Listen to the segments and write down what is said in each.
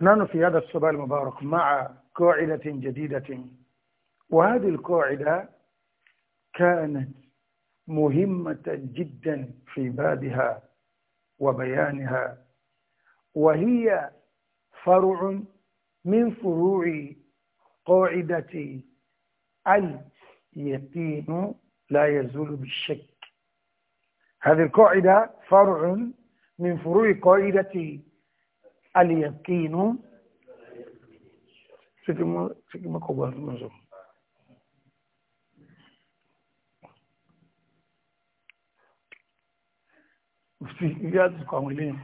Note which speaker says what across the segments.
Speaker 1: نحن في هذا الصباح المبارك مع قاعدة جديدة وهذه القاعدة كانت مهمة جدا في بابها وبيانها وهي فرع من فروع قاعدة اليقين لا يزول بالشك هذه القاعدة فرع من فروع قاعدة alìyàkínú síkímọ́ kọgbà mọ́sọ̀ sí ilé àtìkọ̀ àwọn ilé yìí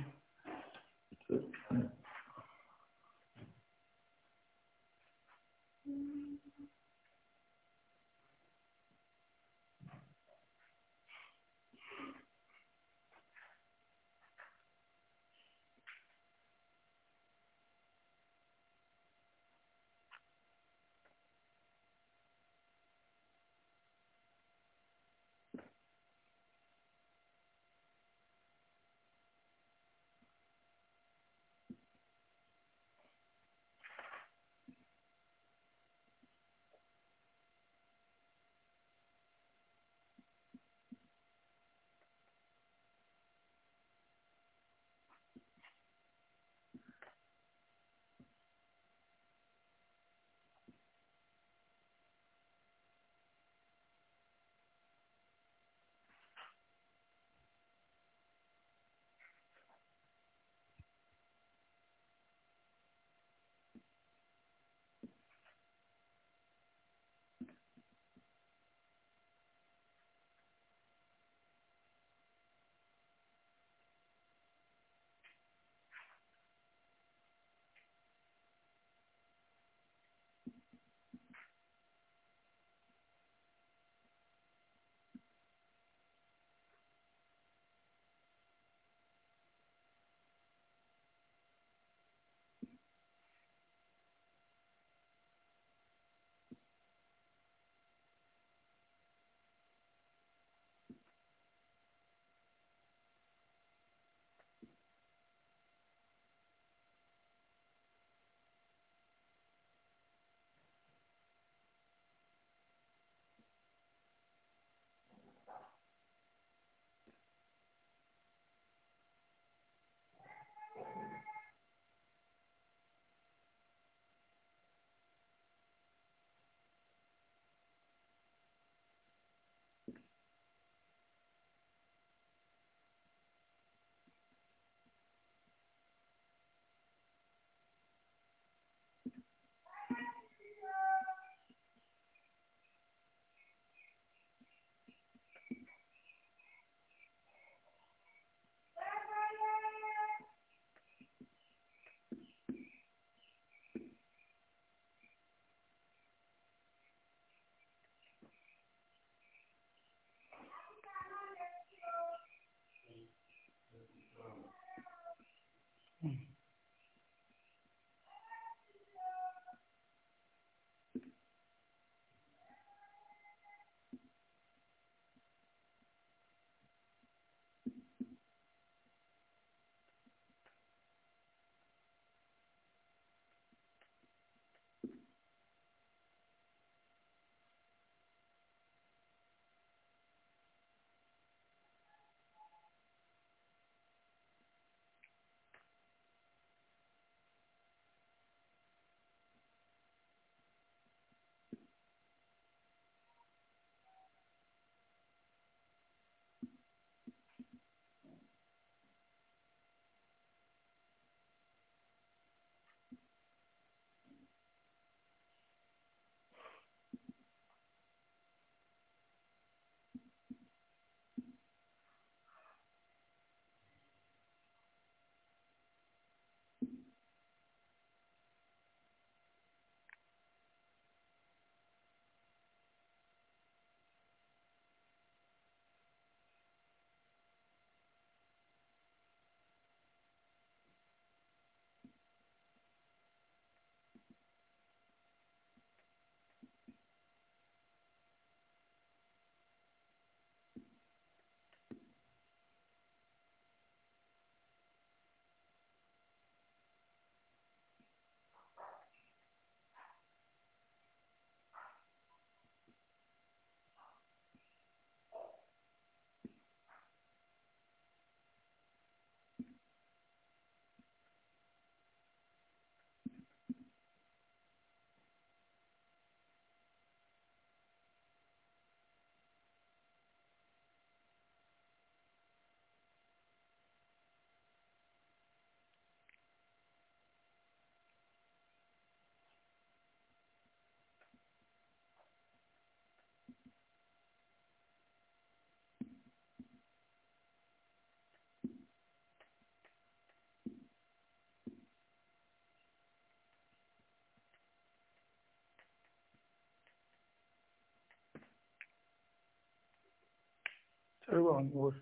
Speaker 1: رواه نقول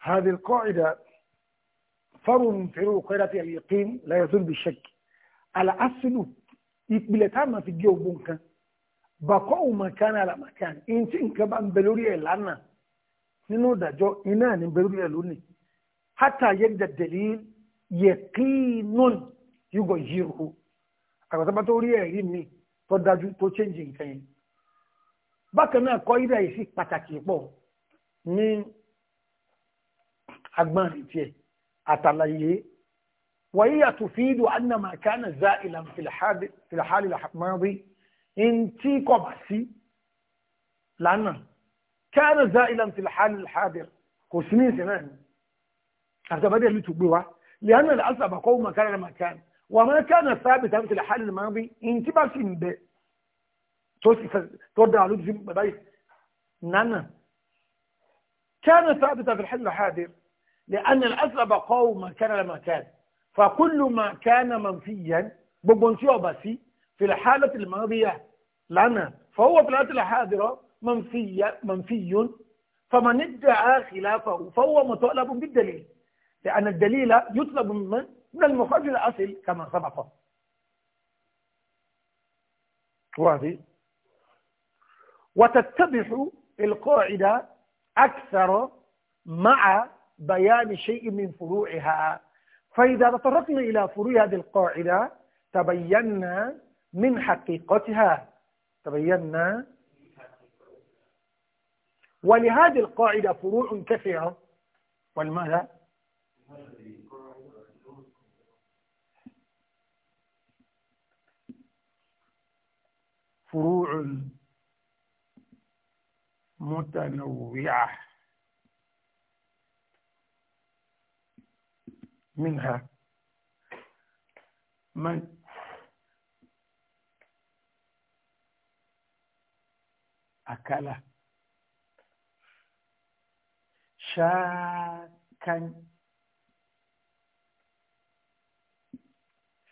Speaker 1: هذه القاعدة فرع من فروع قاعدة اليقين لا يزول بالشك على أصله ìpìlẹ̀ táàmà fi gé ogun kan bàkọ́ òmàkán àlàmàkán ìyẹn tí nǹkan bá ń bẹ lórí ẹ̀ lánàá nínú ìdájọ́ iná ní bẹ lórí ẹ̀ lónìí hátà yẹ́dà dẹ̀lí yẹ̀kínún yúgọ̀ yìí rò àgbàtàbà tó rí ẹ̀rí mi tó dájú tó chẹ́ǹjì nǹkan yẹn bákan náà kọ́ ìdá yìí sí pàtàkì pọ̀ ní agbọ́n tiẹ̀ àtàlàyé wọ́n yíyà tó wàyí àtúfíìdù annama kana za ìlànà hali al-madi tí kọ̀ bá sí lánàá kana za'ilan fil hali al-hadir kò sí ní ìsìn náà àtàbádẹ́ ìlú gbé wa lẹ́yìn náà lásàbà kọ́ mọ̀ kánà mọ̀ kánà wà mọ̀ kánà sábìtà fil hali al-madi ntí bá sì ń bẹ́ẹ̀ تودع على جيم بيت إيه؟ نانا كان ثابتا في الحل الحاضر لأن الأسلب ما كان لما كان فكل ما كان منفيا ببنتي وبسي في الحالة الماضية لنا فهو في الحالة الحاضرة منفي منفي فمن ادعى خلافه فهو مطالب بالدليل لأن الدليل يطلب من من المخرج الأصل كما سبق وهذه وتتضح القاعدة أكثر مع بيان شيء من فروعها فإذا تطرقنا إلى فروع هذه القاعدة تبينا من حقيقتها تبينا ولهذه القاعدة فروع كثيرة والماذا فروع متنوعة منها
Speaker 2: من أكل
Speaker 1: شاكا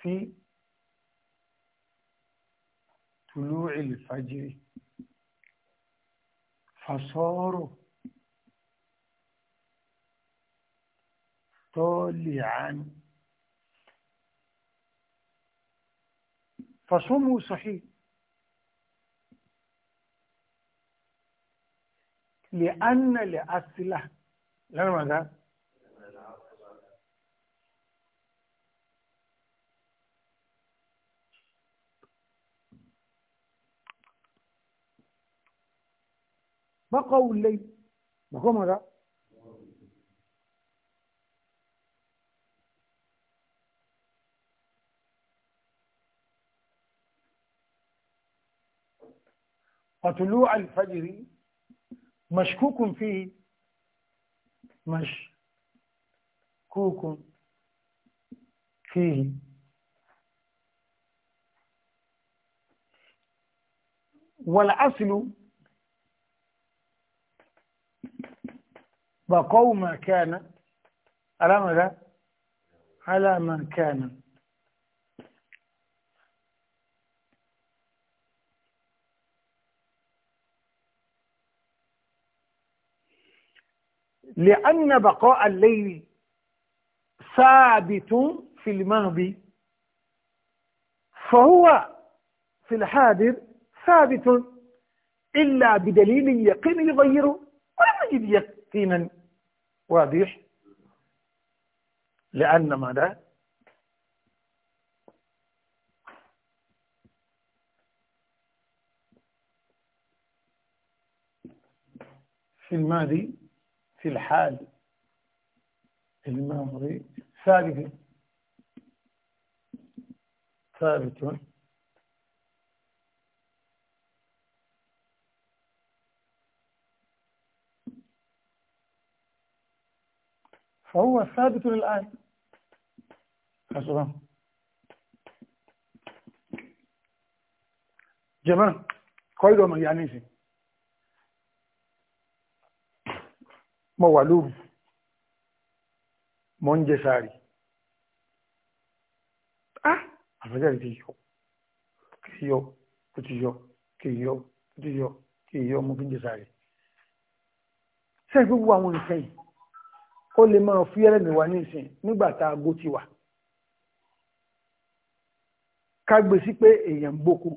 Speaker 1: في طلوع الفجر فصاروا طالعا فصومه صحيح لأن لأصله لأن ماذا؟ ما قول الليل ما هو ماذا وطلوع الفجر مشكوك فيه مشكوك فيه والأصل بقوا ما كان على ماذا على ما كان لأن بقاء الليل ثابت في الماضي فهو في الحاضر ثابت إلا بدليل يقين يغيره ولم نجد يقينا واضح لأن ماذا في الماضي في الحال الماضي ثابت ثابت فهو ثابت للآية حسنا جماعة قيد وما يعني شيء mo wà lóru mo ń jẹ sáàrì ah àfẹ́jáde ti yọ kí yọ kó ti yọ kí yọ kó ti yọ kí yọ mo fi ń jẹ sáàrì sẹ́yìn gbogbo àwọn nǹkan yìí kó lè máa fúyẹ́rẹ́ mi wá nísìn nígbà tá a gó ti wà ká gbé sí pé èèyàn ń bókú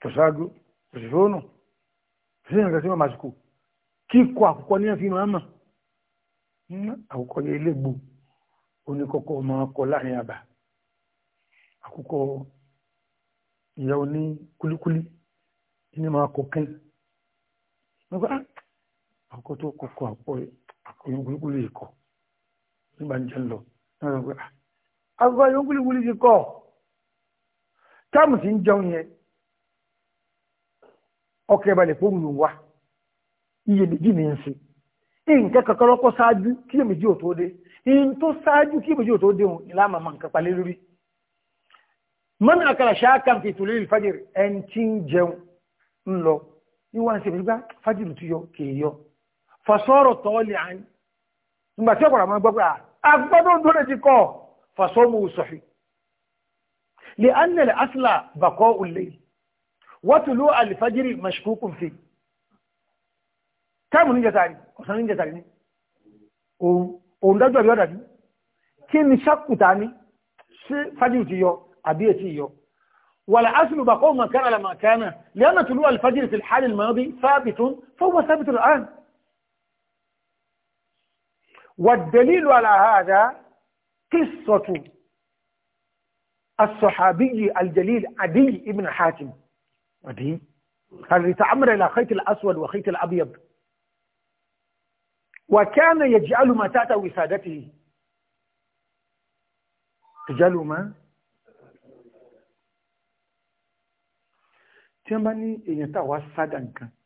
Speaker 1: kò sáájú kò sì fóònù kò sí ìrìnkà sí màmá sùkú kíkọ àkùkọ ní ẹ̀fí máa mọ̀ hmm, àkùkọ ní elégbò oníkọ̀kọ̀ máa kọ láàrin àbá àkùkọ ìyá oní kúlíkúlí ní máa kọ kẹ́yìn àkókò tó kọ́kọ́ àpọ̀ àkóyóngúlúgúlú ìkọ̀ nígbà ń jẹ́ lọ náà pé ah, àkókò àyóngúlúgúlú ti kọ́ táàmù sí ń jẹun yẹn ọkẹ́ balẹ̀ fóònù ló ń wá iye méjì ní ń ṣe nǹkan kankan lọ́kọ́ ṣáájú kí iye ò tó dé in tó ṣáájú kí iye méjì ò tó dé òun ìlànà àmà nǹkan palẹ́ lórí mọ́nà àkàrà ṣáàkàn fi ìtòlẹ́ ìfàjẹ̀rẹ̀ ẹni tí ń jẹun ń lọ ní wọ́n ń tó yọ kì í yọ fọ̀sọ́rọ̀ tọ́ọ̀lì àní nígbà tí ọ̀pọ̀lọpọ̀ àwọn gbọ́gbà agbọ́dọ̀ dúró ti kọ́ fọ̀sọ́mù sọ̀fì lè annal asla bakọ́ ulé wọ́tù ló alifajiri mashkukun fi táàmù ní jẹtàrí ọ̀sán ní jẹtàrí ní òun dájọ́ bí ọ̀dà bí kí ni ṣàkùtà ní sí fajiri ti yọ àbí ètí yọ والأصل بقوة ما كان على ما كان لأن طلوع الفجر في الحال الماضي ثابت فهو ثابت الآن والدليل على هذا قصة الصحابي الجليل عدي بن حاتم عدي الذي تعمر إلى خيط الأسود وخيط الأبيض وكان يجعل ما تحت وسادته يجعل ما تمني إن bá ní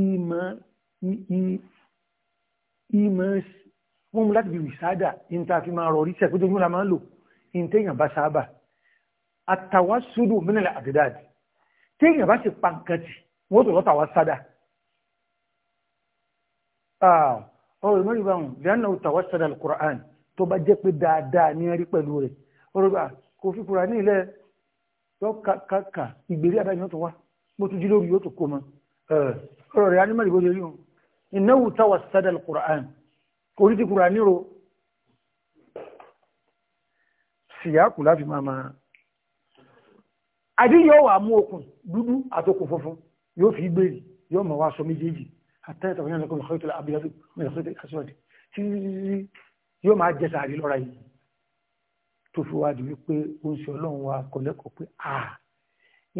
Speaker 1: ìmọ̀ ìmọ̀ wọ́n mú láti bí wìsádà ìntàfi máa rọ̀ rí sẹ́kójó múra máa lò ìntẹ́yàn bá sáábà àtàwà súdù mínàlẹ̀ àdìdáàdì tẹ́yàn bá sì pa nǹkan tì wọ́n tó lọ́tàwà sádà ọ̀rọ̀ mẹ́rin bá wọn lẹ́nà òtàwà sádà alukur'an tó bá jẹ́ pé dáadáa ní rí pẹ̀lú rẹ̀ ọ̀rọ̀ bá kò fi kura ní ilẹ̀ yọ kàkà ìgbèrí àdáyé yóò tó wá mo tún jí lórí yóò tó kó mọ́ ọ̀rọ̀ rẹ̀ anímọ̀ ìgbójú yìí ìnáwó táwà sádàl kùrán orí ti kùrán níro síyáàkù láti máa máa àdí yóò wà mú okùn dúdú àtokùn funfun yóò fi gbèrè yóò mọ̀ wá sọ méjèèjì àtẹ́ẹ̀tọ̀ fún ẹ̀lẹ́kùn ìlọ́kọ̀ ìtọ́lá abiyadu mẹ́lẹ́kùn ìtọ́lá tí yóò máa jẹ́ sàárì lọ́ra yìí tó fi wá di wípé ó ọlọ́run wa kọ̀lẹ́kọ̀ọ́ pé à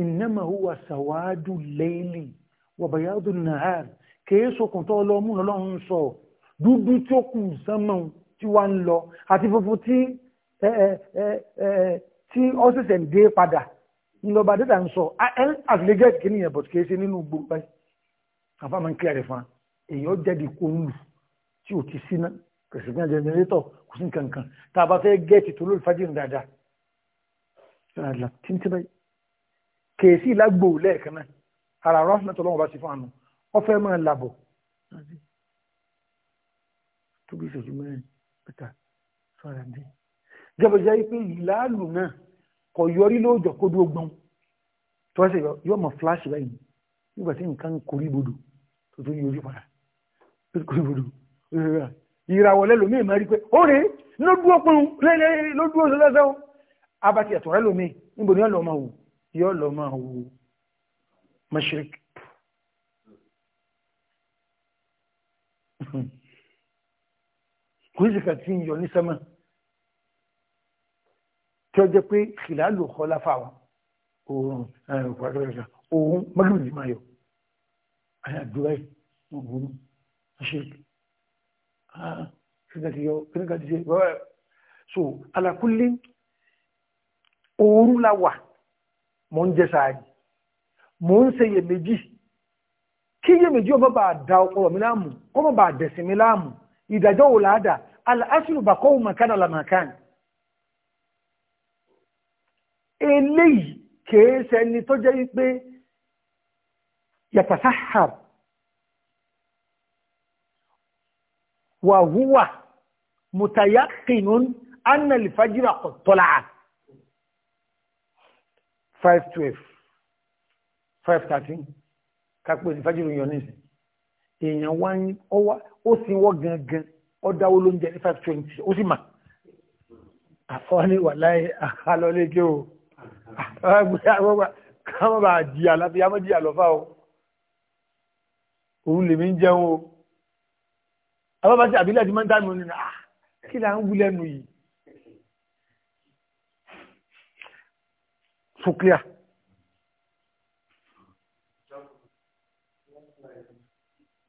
Speaker 1: ìnámà wà sàwádùú lẹ́yìn wọ̀bẹ̀yàdù nàár kèé sokùn tó lọ mú lọ́lọ́run sọ dúdú tí ó kù sánmọ̀ tí wá ń lọ àti funfun tí tí ó ṣẹ̀ṣẹ̀ ń dé padà ńlọba dẹ́ta ń sọ àtìlẹ́gẹ́ kìíní yẹn bọ̀t kèé ṣe nínú gbogbo ẹ̀ àfàmà ń kílẹ̀ rẹ̀ fún wa èèyàn jẹ́bi kó ń lù tí ò ti síná kẹsìgbọ́n jẹnẹrétọ̀ kò sí nǹkan kan tá a bá fẹ́ gẹ́ẹ̀tì tó lórí fájìrì dáadáa kèé sí lẹ́ẹ̀kan náà ara rahmat ọlọ́run bá ti fún àánú ọfẹ́ máa làbọ̀ tó bí ìṣẹ́jú mẹ́rin pẹ̀tà sọ́ra bí jẹ́bọ̀jẹ́ wípé ìlàálù náà kò yọrí lóòjọ́ kó dúró gbọ́n tó wá mọ̀ flash báyìí nígbà tí nǹkan korí bodò tó tó yọrí padà tó korí bodò ìràwọ̀ lẹ́lòmíì máa rí pé ó rèé ló dúró pọ́n lẹ́lẹ́ ló dúró lọ́sọ́ abati ẹ̀tọ́ rẹ lómi níbo ni yọ lọ́ọ́ máa wò yọ lọ́ọ́ máa wò مشرق kò sí kan tí ń yọ ní sẹ́mọ̀ tí ó jẹ́ pé kìláàlù kọ́ láfà wọn oòrùn ẹ̀rùn oòrùn mọ́gbìnrin lè máa yọ àyàdúrà ọ̀gbọ́n mashrik kíníkà ti yọ kíníkà ti ṣe bọ́ẹ̀ so ala kulli oòrùn mò ń ṣe iyèméjì kí iyèméjì ó bá da ọpọlọ mi láàmú kó má bàa dẹ̀sìn mi láàmú ìdájọ́ wò láàdà aláṣìlú bàkọ́ òun màkánà làmàkán eléyìí kìí ṣẹni tó jẹ́ wípé yàtàsáhàr wà húwà mùtàyàkìnún annalifajira kọ̀tọ́lá 512 five thirty kápẹ́ òsì fájìrì yàn nísìn èèyàn wá ń ọwá ó sì wọ́ gangan ó dáwó lóúnjẹ ní five twenty ó ma, mà àfọ́ní wà láyé àkálọ́lẹ́gẹ́ o káwọn bá jí àlàfi àmọ́ jí àlọ́fà o òun lèmi ń jẹun o àwọn bá ti àbílẹ̀ ti máa ń dá mi ò nínú ah kí là ń wú lẹ́nu yìí so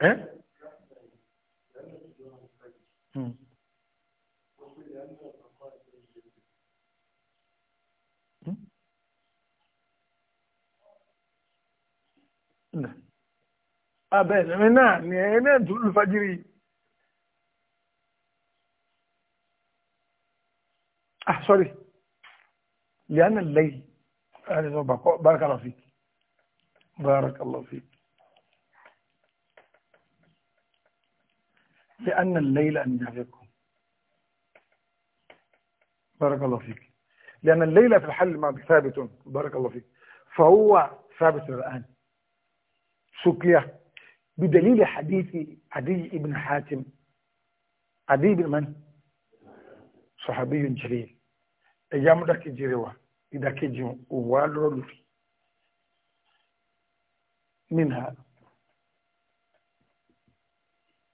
Speaker 1: ايه؟ آه بس من نا نا طول الفجر آه سوري لأن الليل هذا بارك الله فيك بارك الله فيك لأن الليل أنجزكم بارك الله فيك لأن الليل في الحل ما ثابت بارك الله فيك فهو ثابت الآن سكية بدليل حديث عدي بن حاتم عدي بن من؟ صحابي جليل أيام ذاك جروا إذا كجم أول منها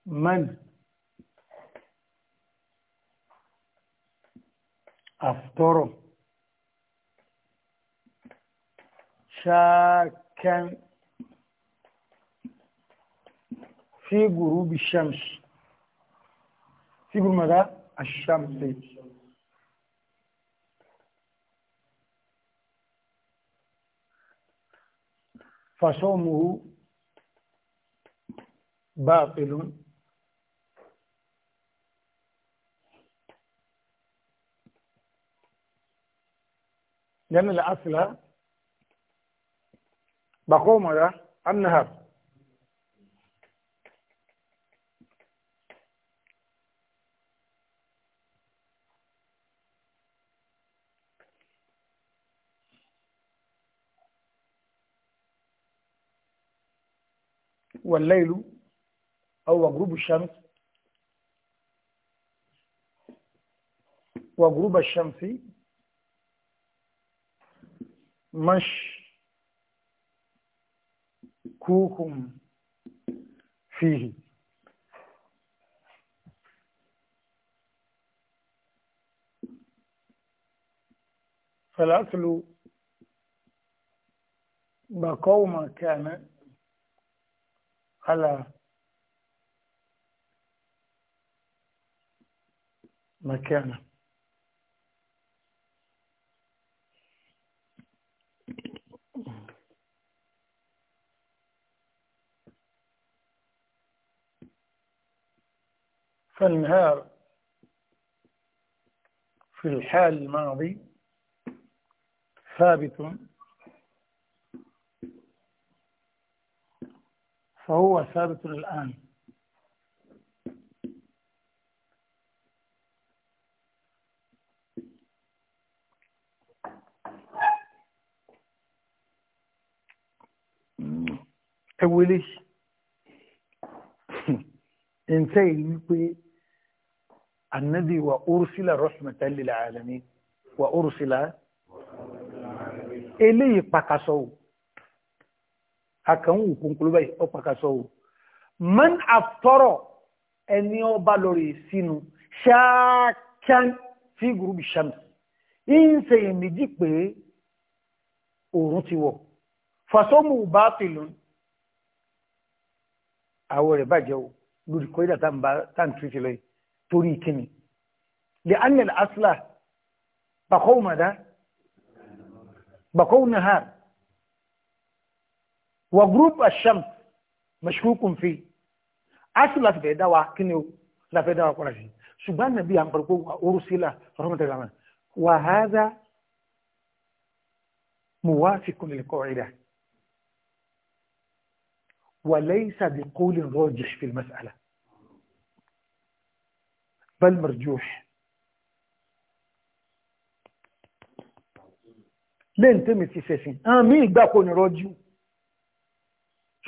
Speaker 1: من aftoro shakan fi gurubi shams fi gurmada ashamsi فصومه باطل لأن الأصل بقوم على النهر والليل أو غروب الشمس وغروب الشمس مش كوكم فيه فالأكل بقوا كان على مكانه فالنهار في الحال الماضي ثابت فهو ثابت الآن أولي انتهي النبي وأرسل رحمة للعالمين وأرسل eléyìí pàkàsọ o àkànwò kòǹkòló báyìí ó pàkàsọ o man àtọrọ ẹni ọba lórí sínú ṣáàkán fi gùrùbì ṣàmì ìṣe èméjì pé òòrùn ti wọ̀ fàṣọmù bá pèlú àwọ̀ rẹ̀ bàjẹ́ o lórí kọ́ ìdá tá à ń tìrìtì lọ́yìí تريكني لأن الأصل بقوم ده بقوم نهار وجروب الشمس مشكوك فيه أصل في دواء كنيو لا في دواء قرشي سبحان النبي عم بركو أرسل رحمة الله وهذا موافق للقاعدة وليس بقول راجح في المسألة بل مرجوح لين tẹ́mi في سيسين. àwọn míì gbà kò ní rọ́jú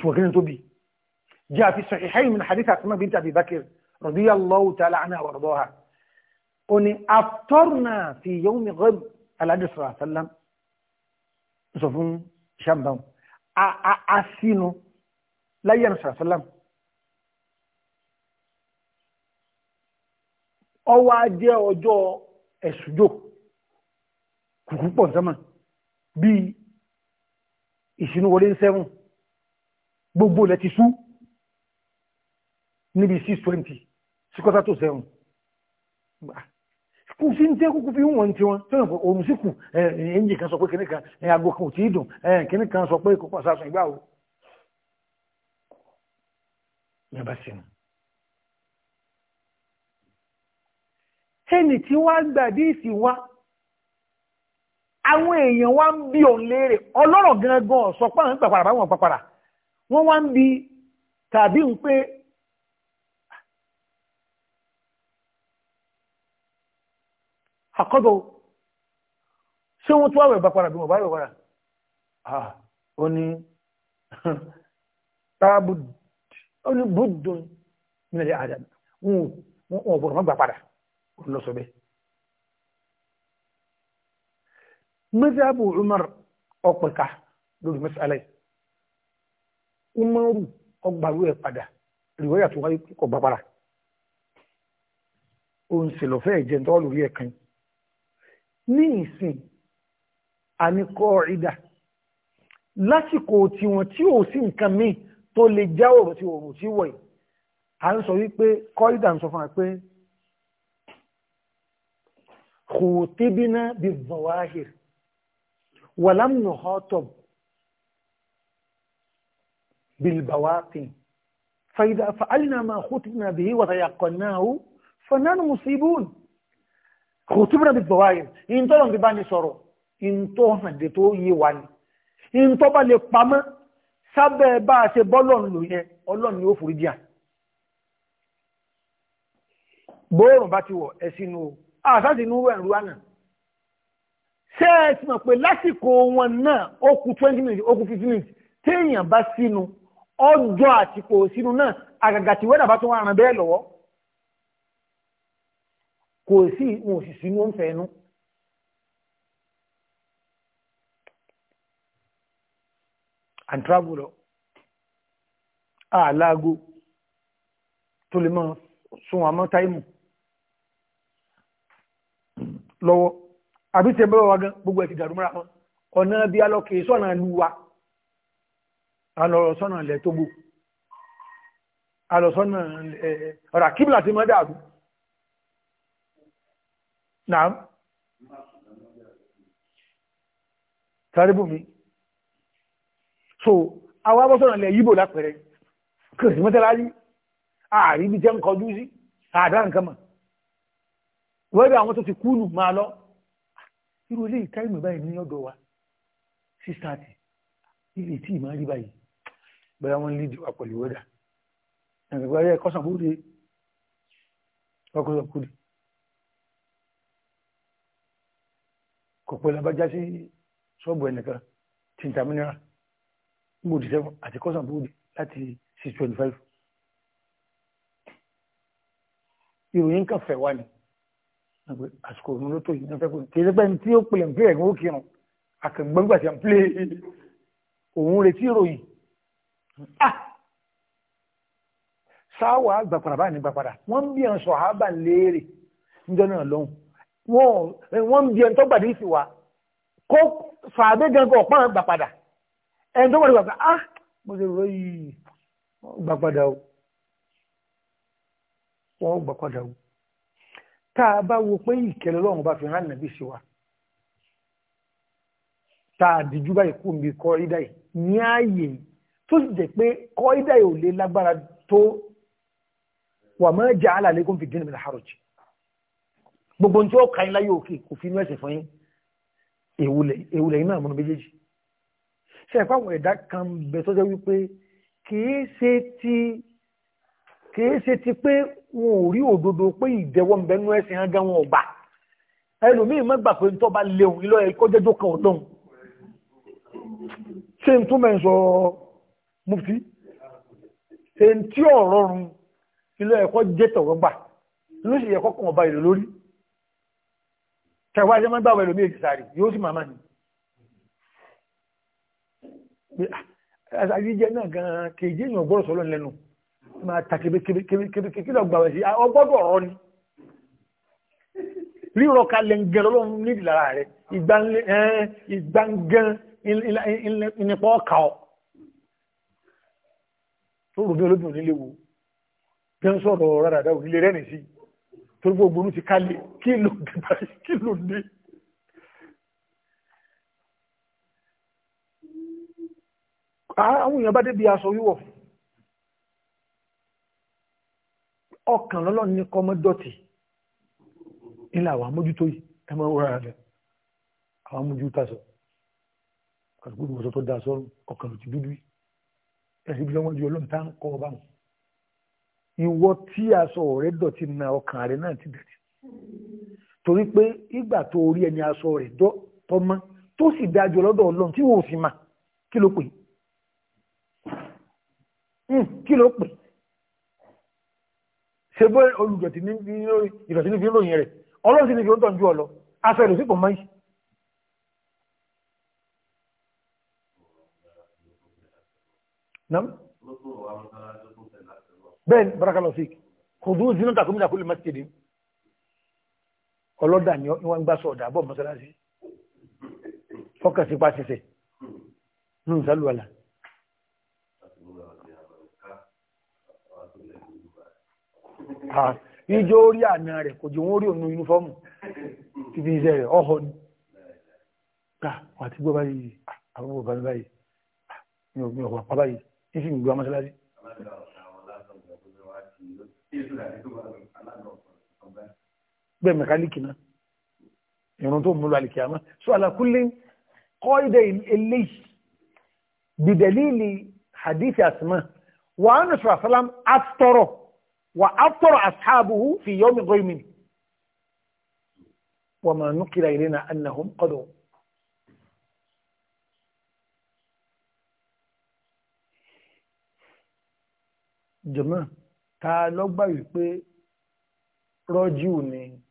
Speaker 1: ṣùgbọ́n جاء في صحيحين من حديث أسماء بنت أبي بكر رضي الله تعالى عنها وارضاها أني أفطرنا في يوم غد على النبي صلى الله عليه وسلم نصفون شمبهم أسينوا لا ينصر صلى الله عليه وسلم ọwọ́ ajé ọjọ́ ẹ̀sùjò kùkú pọ̀ sẹ́mà bíi ìṣinú wọlé ń sẹ́wọ̀n gbogbo ilẹ̀ ti sú níbi 620 síkọ́tà tó sẹ́wọ̀n kò sí ní tẹ́kùkù fi wọ́n ti wọn tó yàn pé òun sí kù ẹ̀yìn kan sọ pé kìnnìkan aago kan ò tí ì dùn kìnnìkan sọ pé kò pọ̀ sásùn ìgbà wo. ẹni tí wá gbàdí ìsì wá àwọn èèyàn wá ń bí òun léèrè ọlọ́rọ̀ gangan ọ̀sọ́ pàrọ̀ ń pàpàrà báwọn pàpàrà wọ́n wá ń bi tàbí ń pé àkọ́dọ̀ ṣé wọ́n tún àwẹ̀ pàpàrà bí wọ́n bá rẹ̀ wọ́ra ó ní tábùdùn ó ní bùdùn nílẹ̀ wọn ò lọ́sọ̀bẹ́. mẹ́sàbù umar ọ̀pẹ̀ka lórí mẹ́sàlẹ̀ umaru ọgbàrú ẹ̀ padà rìwáyà tó wáyé kọ̀ gbàpàrà òun sì lọ́fẹ́ ìjẹun tó lórí ẹ̀ kan ní ìsìn àníkọ́ ìdá lásìkò tiwọn tí ò sí nǹkan míì tó lè já òrò tí òrò tí wọ̀nyí à ń sọ wípé kọ́ ìdá ń sọ fún wa pé خوطبنا بالظواهر ولم نخاطب بالبواطن فإذا فعلنا ما خطبنا به وتيقناه فنحن مصيبون خطبنا بالظواهر إن طلع بباني سورو إن طلع دتو يوان إن طلع لقمة sábẹ́ bá a ṣe bọ́lọ̀n lò yẹn ọlọ́run ni ó forí àṣàtì inú ẹ̀rú àná ṣé ẹ ti mọ̀ pé lásìkò wọn náà ó kù twenty minutes ó kù fifteen minutes téèyàn bá sínú ọjọ́ àtìkò sínú náà àgàgà tí wẹ́dà bá tún wà ràn bẹ́ẹ̀ lọ́wọ́ kò sí wọn ò sì sínú oúnjẹ ẹnu. and travel lọ àláago tó lè mọ sun àmọ́ táìmù lọ́wọ́ àbí tẹ bọ́lọ̀ wa gan gbogbo ẹ̀ ti dàrú mọ́ra wọn ọ̀nà bí alọ́kè sọ́nà lu wa alọ̀rọ̀ sọ́nà ilẹ̀ Tógò alọ̀sọ́nà ọ̀rà kíbìlà ti mọ́ dàrú náà tàríbù mi so àwọn abọ́sọ̀nà ilẹ̀ yíbò lápẹẹrẹ kìrìsìmọ́tẹ́lárí ààrí bí jẹ́ ń kọjú sí àdá nǹkan mọ̀ wẹ́rẹ́ àwọn tó ti kúlù máa lọ irú ilé ìkáìmù báyìí ní ọ̀dọ̀ wa six thirty ilé tí ìmọ̀ rí báyìí bẹ́ẹ̀ wọ́n lè dìwà pẹ̀lú wẹ́dà ẹ̀rẹ̀gbẹ́ ayé kọ́sàn bóde ọkọ̀sọ̀ kúlù kò pẹ́ labájá sí ṣọ́ọ̀bù ẹnìkan tí n tàmínira gbòdì sẹ́wọ̀n àti kọ́sàn bóde láti six twenty five ìròyìn kan fẹ̀ wá ni pé àsìkò òun ló tó yìí nífẹ̀ẹ́ kò kìí pẹ́ tí ó pèlè ń pè ẹ̀gbọ́n ó kírun àkàngbọ́ngbà tí a ń pè òun retí ìròyìn sáwà ah! àgbàpadà báyìí nígbàpadà wọ́n ń bí ẹn sọ àbá léèrè níjọ́ náà lọ́hùn wọ́n ń bí ẹn tó gbàdé ìsì wa kó fàábé gangan ọ̀pọ̀n gbàpadà ẹn tó gbàdé gbàpadà ah mo ṣe rọ yìí gbàpadà o wọ́n gbàpadà o tá a bá wo pé ìkẹlẹ lọ́run bá fi hàn nàbí sí wa tá a dìjú báyìí kú mi kọ́ ìdá yìí ní ààyè tó sì jẹ́ pé kọ́ ìdá yìí ò lè lágbára tó wà má ja'ala alaykum fi din min haraj gbogbo tí ó kàn láyé òkè kò fi inú ẹ̀sìn fún yín èwùlẹ̀ yín náà méjèèjì ṣe ẹ̀fọ́ àwọn ẹ̀dá kan bẹ̀ sọ́jọ́ wípé kì í ṣe ti kìí ṣe ti pé wọn ò rí òdodo pé ìdẹ̀wọ́ ń bẹnu ẹ̀sìn hàn gan wọn ò gbà ẹlòmíì má gbà pé ń tọ́ba léwu ilé ẹ̀kọ́ jẹ́jọ́ kan ọ̀dọ́n ṣé n túmọ̀ ẹ̀ sọ mufti ṣe n tí ọ̀rọ̀ run ilé ẹ̀kọ́ jẹ́ tọ̀rọ̀ gbà ló sì yẹ kọ́kàn ọba ìlú lórí tẹ̀wá ẹ̀jẹ̀ má gbà wọ ẹlòmíì èjì sáré yóò sì máa má ni ah, àyíjẹ náà gan-an kèjé máa ta kébékébé lọ gbàwẹ̀ sí ọgbọ́dọ̀ ọ̀rọ̀ ni ríro kalẹ̀ ń gẹ̀rọ lóhun nídìí lára rẹ̀ ìgbàngán ìnipọ̀ ọ̀kà ọ̀ tó rò bí olóbìn onílé wo bí ń sọ̀rọ̀ rárá dáwò nílé rẹ̀ nì sí tó gbogbo orú ti kalẹ̀ kí ló dé báyìí kí ló dé àwọn èèyàn bá débi aṣọ wíwọ̀ fún ọkàn lọ́lọ́ ní kọmọdọ́tì ilẹ̀ àwọn amójútó yìí ẹ máa ń wọ́ra rẹ̀ àwọn amójútó aṣọ tó da aṣọ ọkàn lòtì dúdú ẹ̀sìn bí wọ́n ju ọlọ́run tá à ń kọ́ ọ tí aṣọ rẹ dọ̀tí na ọkàn rẹ náà ti torí pé ìgbà tó rí ẹni aṣọ rẹ tó sì ṣe bó olùdọ̀tí ní ìdọ̀tí ní fi ń ròyìn rẹ̀ ọlọ́run sì ni fi ń tọ́jú ọ lọ aṣọ ìlú sípò máa ń ṣe. bẹ́ẹ̀ ni baraka lọ sí kùdú zinu takumi na kúlì masjidi ọlọ́dà ni wọ́n ń gbá sọ̀dà bọ́ mọ́sálásí fọ́kà sípa ṣẹṣẹ ní ìsàlùwàlà. ijó orí àna rẹ̀ kò jù wọ́n rí ònú yúnífọ́ọ̀mù ti fi iṣẹ́ rẹ̀ ọ̀họ́ ni wà ti gbọ́ báyìí àwọn ọba mi báyìí mi ò wà pa báyìí tí sì ń gbọ́ mọ́ṣáláṣí. bẹ́ẹ̀ mẹkáníìkì náà ìrùn tó mú lọ àlìkì àmọ́ so àlàkúlé kọ́ ìdẹ eléyìí bìdẹ̀lì hadith asma wàhánà sọ̀rọ̀ àsálàm àtọ̀rọ̀ wa aftara ashabuhu fi yawmi ghaymin wa ma nukira ilayna annahum qadu jama ta ló gbà wípé roju ni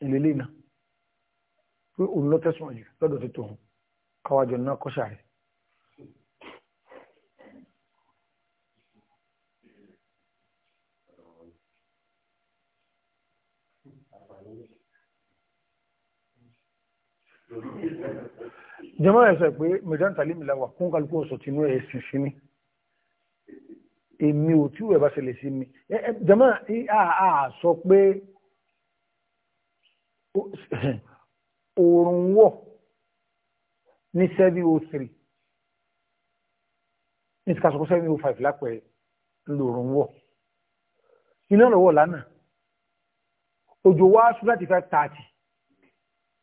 Speaker 1: elelena pé òun ló tẹ̀sùn jù lọ́dọ̀ tó tó hun káwájọ náà kọ́ṣà rẹ̀ jẹmọ́ ẹ̀sọ̀ pé mẹ̀dán tàlí mi làwà kún kálukú ọ̀sọ̀ tìǹú ẹ̀sìn sí mi èmi ò tí ò bá ṣẹlẹ̀ sí mi jẹmọ́ a sọ pé oòrùn wọ̀ ní seven oh three ní ti ká sọ pé seven oh five lápẹ̀ lòrùn wọ̀ iná lọ́wọ́ lánàá òjò wá sùn láti five thirty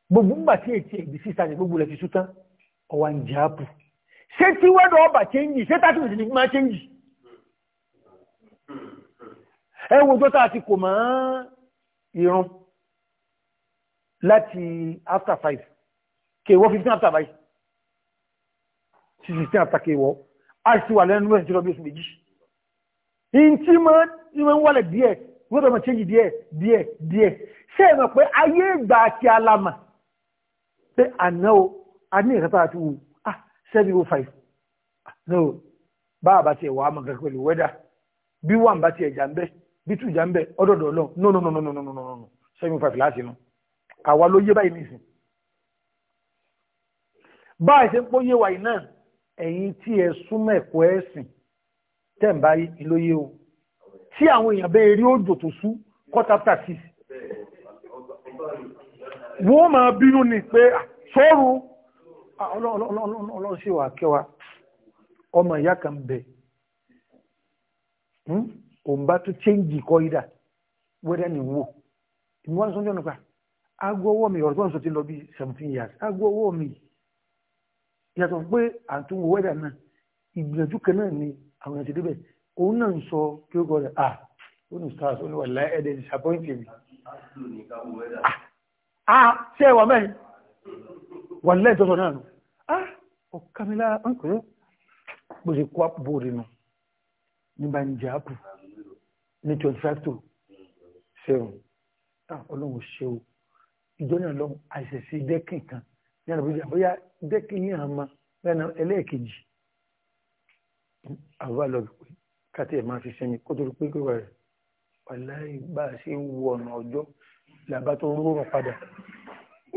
Speaker 1: gbogbo ńgbà tí èti èdè sísá ni gbogbo rẹ̀ ti sùn tán ọwà ń jáàpù ṣé tí wẹ́dọ̀ ọba chẹ́njì ṣé tàbí ìdí ní máa chẹ́njì ẹwọ tó tàà ti kò mọ́ ìrún láti after five kèwọ́ fifteen after five sixteen after kèwọ́ a sì wà lẹ́nu mẹ́sàn-án jùlọ bí oṣù méjì in tí máa ń wọlé díẹ̀ wẹ́dọ̀ ọba chẹ́njì díẹ̀ díẹ̀ díẹ̀ ṣé ẹ mọ̀ pé ayé ìgbà àti alama pé àná o a ní ìkàtà àti wù ah seven o oh five ah, no bá a bá tiẹ̀ wà á mọ̀ kankan pẹ̀lú wẹ́dà bí one bá tiẹ̀ jà ń bẹ́ bí two jà ń bẹ́ ọ̀dọ̀dọ̀ náà no no no no no no no no no seven o oh five láti nù àwa ló yé báyìí nìsín bá a ṣe ń pọ́ yé wa yìí náà ẹ̀yin tí ẹ súnmọ́ ẹ̀kọ́ ẹ̀sìn tẹ̀ ń bá ìlóye o tí àwọn èèyàn bẹ́ẹ̀ rí òjò tó sú quarter after wọ́n máa bínú ni pé ah, sọ́run Ah, ọlọ́run sì wà kẹwa ọmọ ìyá kan bẹ̀ hmm? òun bá tún chéǹjì kọ́ ìdá wẹ́rẹ́ ni wò ìmú wọn sọ ní ọ̀nà pa aago ọwọ́ mi ọ̀rọ̀ tó ń sọ ti lọ bí seventeen years aago ọwọ́ mi yàtọ̀ pé àtúnwò wẹ́dà náà ìgbìyànjú kan náà ni àwọn ẹ̀sìn débẹ̀ òun náà ń sọ kí ó kọ́ rẹ̀ ah ó ní stars ó ní wàlá ẹ̀dẹ̀ disappointing ah, ah ṣé ẹ mẹ́rin wà lẹ́yìn náà nù ah ọ̀kàmílá ọ̀nkùnrin bó ṣe kó àpò bóòrè nù ní bá ní twenty five to seven ah ọlọ́run ṣe o ìjọ náà lọ́hùn àṣẹṣe dẹ́kìn kan ní àdàbọ̀jà bóyá dẹ́kìn ní àmà lẹ́nu ẹlẹ́ẹ̀kejì àwọn àlọ́bì pé káti ẹ̀ máa fi sinmi kó tó rí pé kí wà rẹ̀ bá a ṣe ń wo ọ̀nà ọjọ́ làbá tó rọrùn padà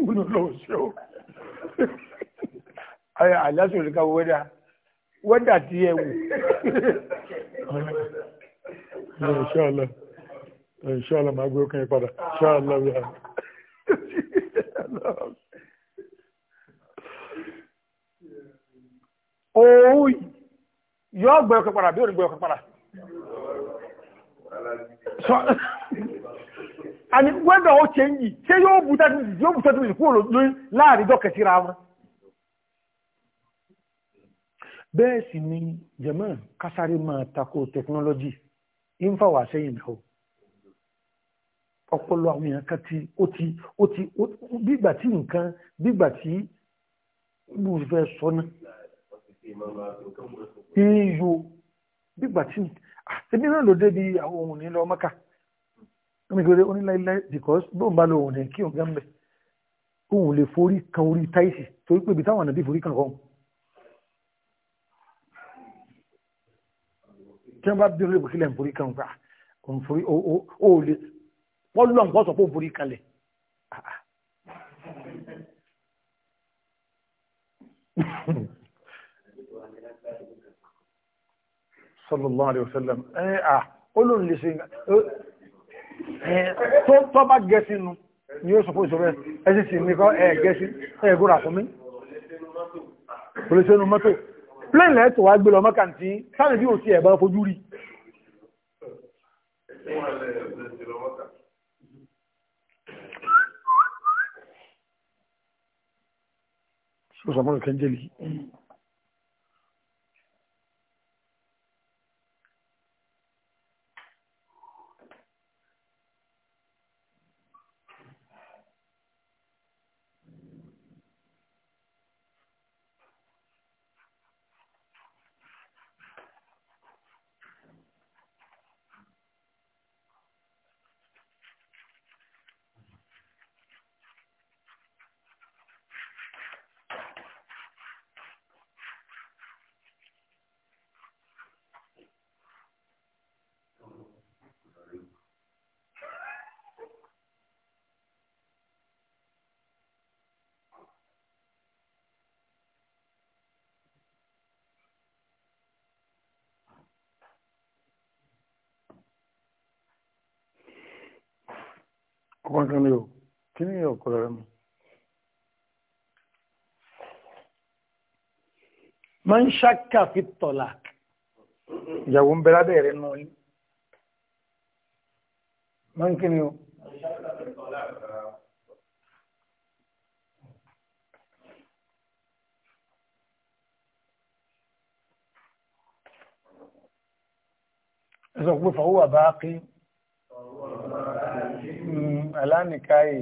Speaker 1: gbọ́dọ̀ lọ́wọ́ ṣe o àlásùn lè ka wẹ́dà wẹ́dà tí ẹ wù inshallah inshallah máa gbé ọkàn yẹn padà inshallah yà òun yọ gbẹ ọkàn padà bí òun gbẹ ọkàn padà àní wẹ́dà ó ṣe ń yìí ṣé yóò bu tẹ́tù yóò bu tẹ́tù kúrò lórí láàrin ìjọ kẹsíra wọn. bẹ́ẹ̀ sì ni jẹ̀mọ́ kásáré máa tako technology, ń fà wá sẹ́yìn náà ọpọlọ àwọn èèyàn kan ti ó ti ó ti bígbà tí nǹkan bígbà tí mo fẹ́ sọ náà iyo bígbà tí ah, èmi náà ló débi àwọn òun ní lọ mọ́kà mígbèrè oníláìláì because bóun bá lóun ní kí òun gánbẹ̀ òun lè forí kan orí táìsì torí pé ibi táwọn ànàbí forí kan kọ́hún tí wọ́n bá bí orí ìbùkílẹ̀ ń forí kan gbà ah, òun forí ó lè wọ́n lọ́n pọ́ sọ pé òun forí kalẹ̀ sallallahu alaihi wasallam ẹ́ à ó lóun lè ṣe tó bá gẹ̀ẹ́sì nù ni ó sọpọ̀ ìṣọ́rẹ́ ẹ̀sì sí ní kọ́ ẹ̀gẹ́sì ẹ̀gúnra fún mi olóṣèlú mọ́tò plane lẹ́ẹ̀tọ̀ wá gbé mọ́kàntí sáàrẹ̀ bí ò sí ẹ̀bá fojú rí ọkùnrin kan ní o kí ni ọkùnrin rẹ mu. máa ń ṣáka fi tọ̀là ìyàwó ń bẹ lábẹ́ rẹ̀ nù máa ń kí ni o. ẹ̀sọ̀ pé fàwọ́ àbá kí. Hmm, alánìkáyè.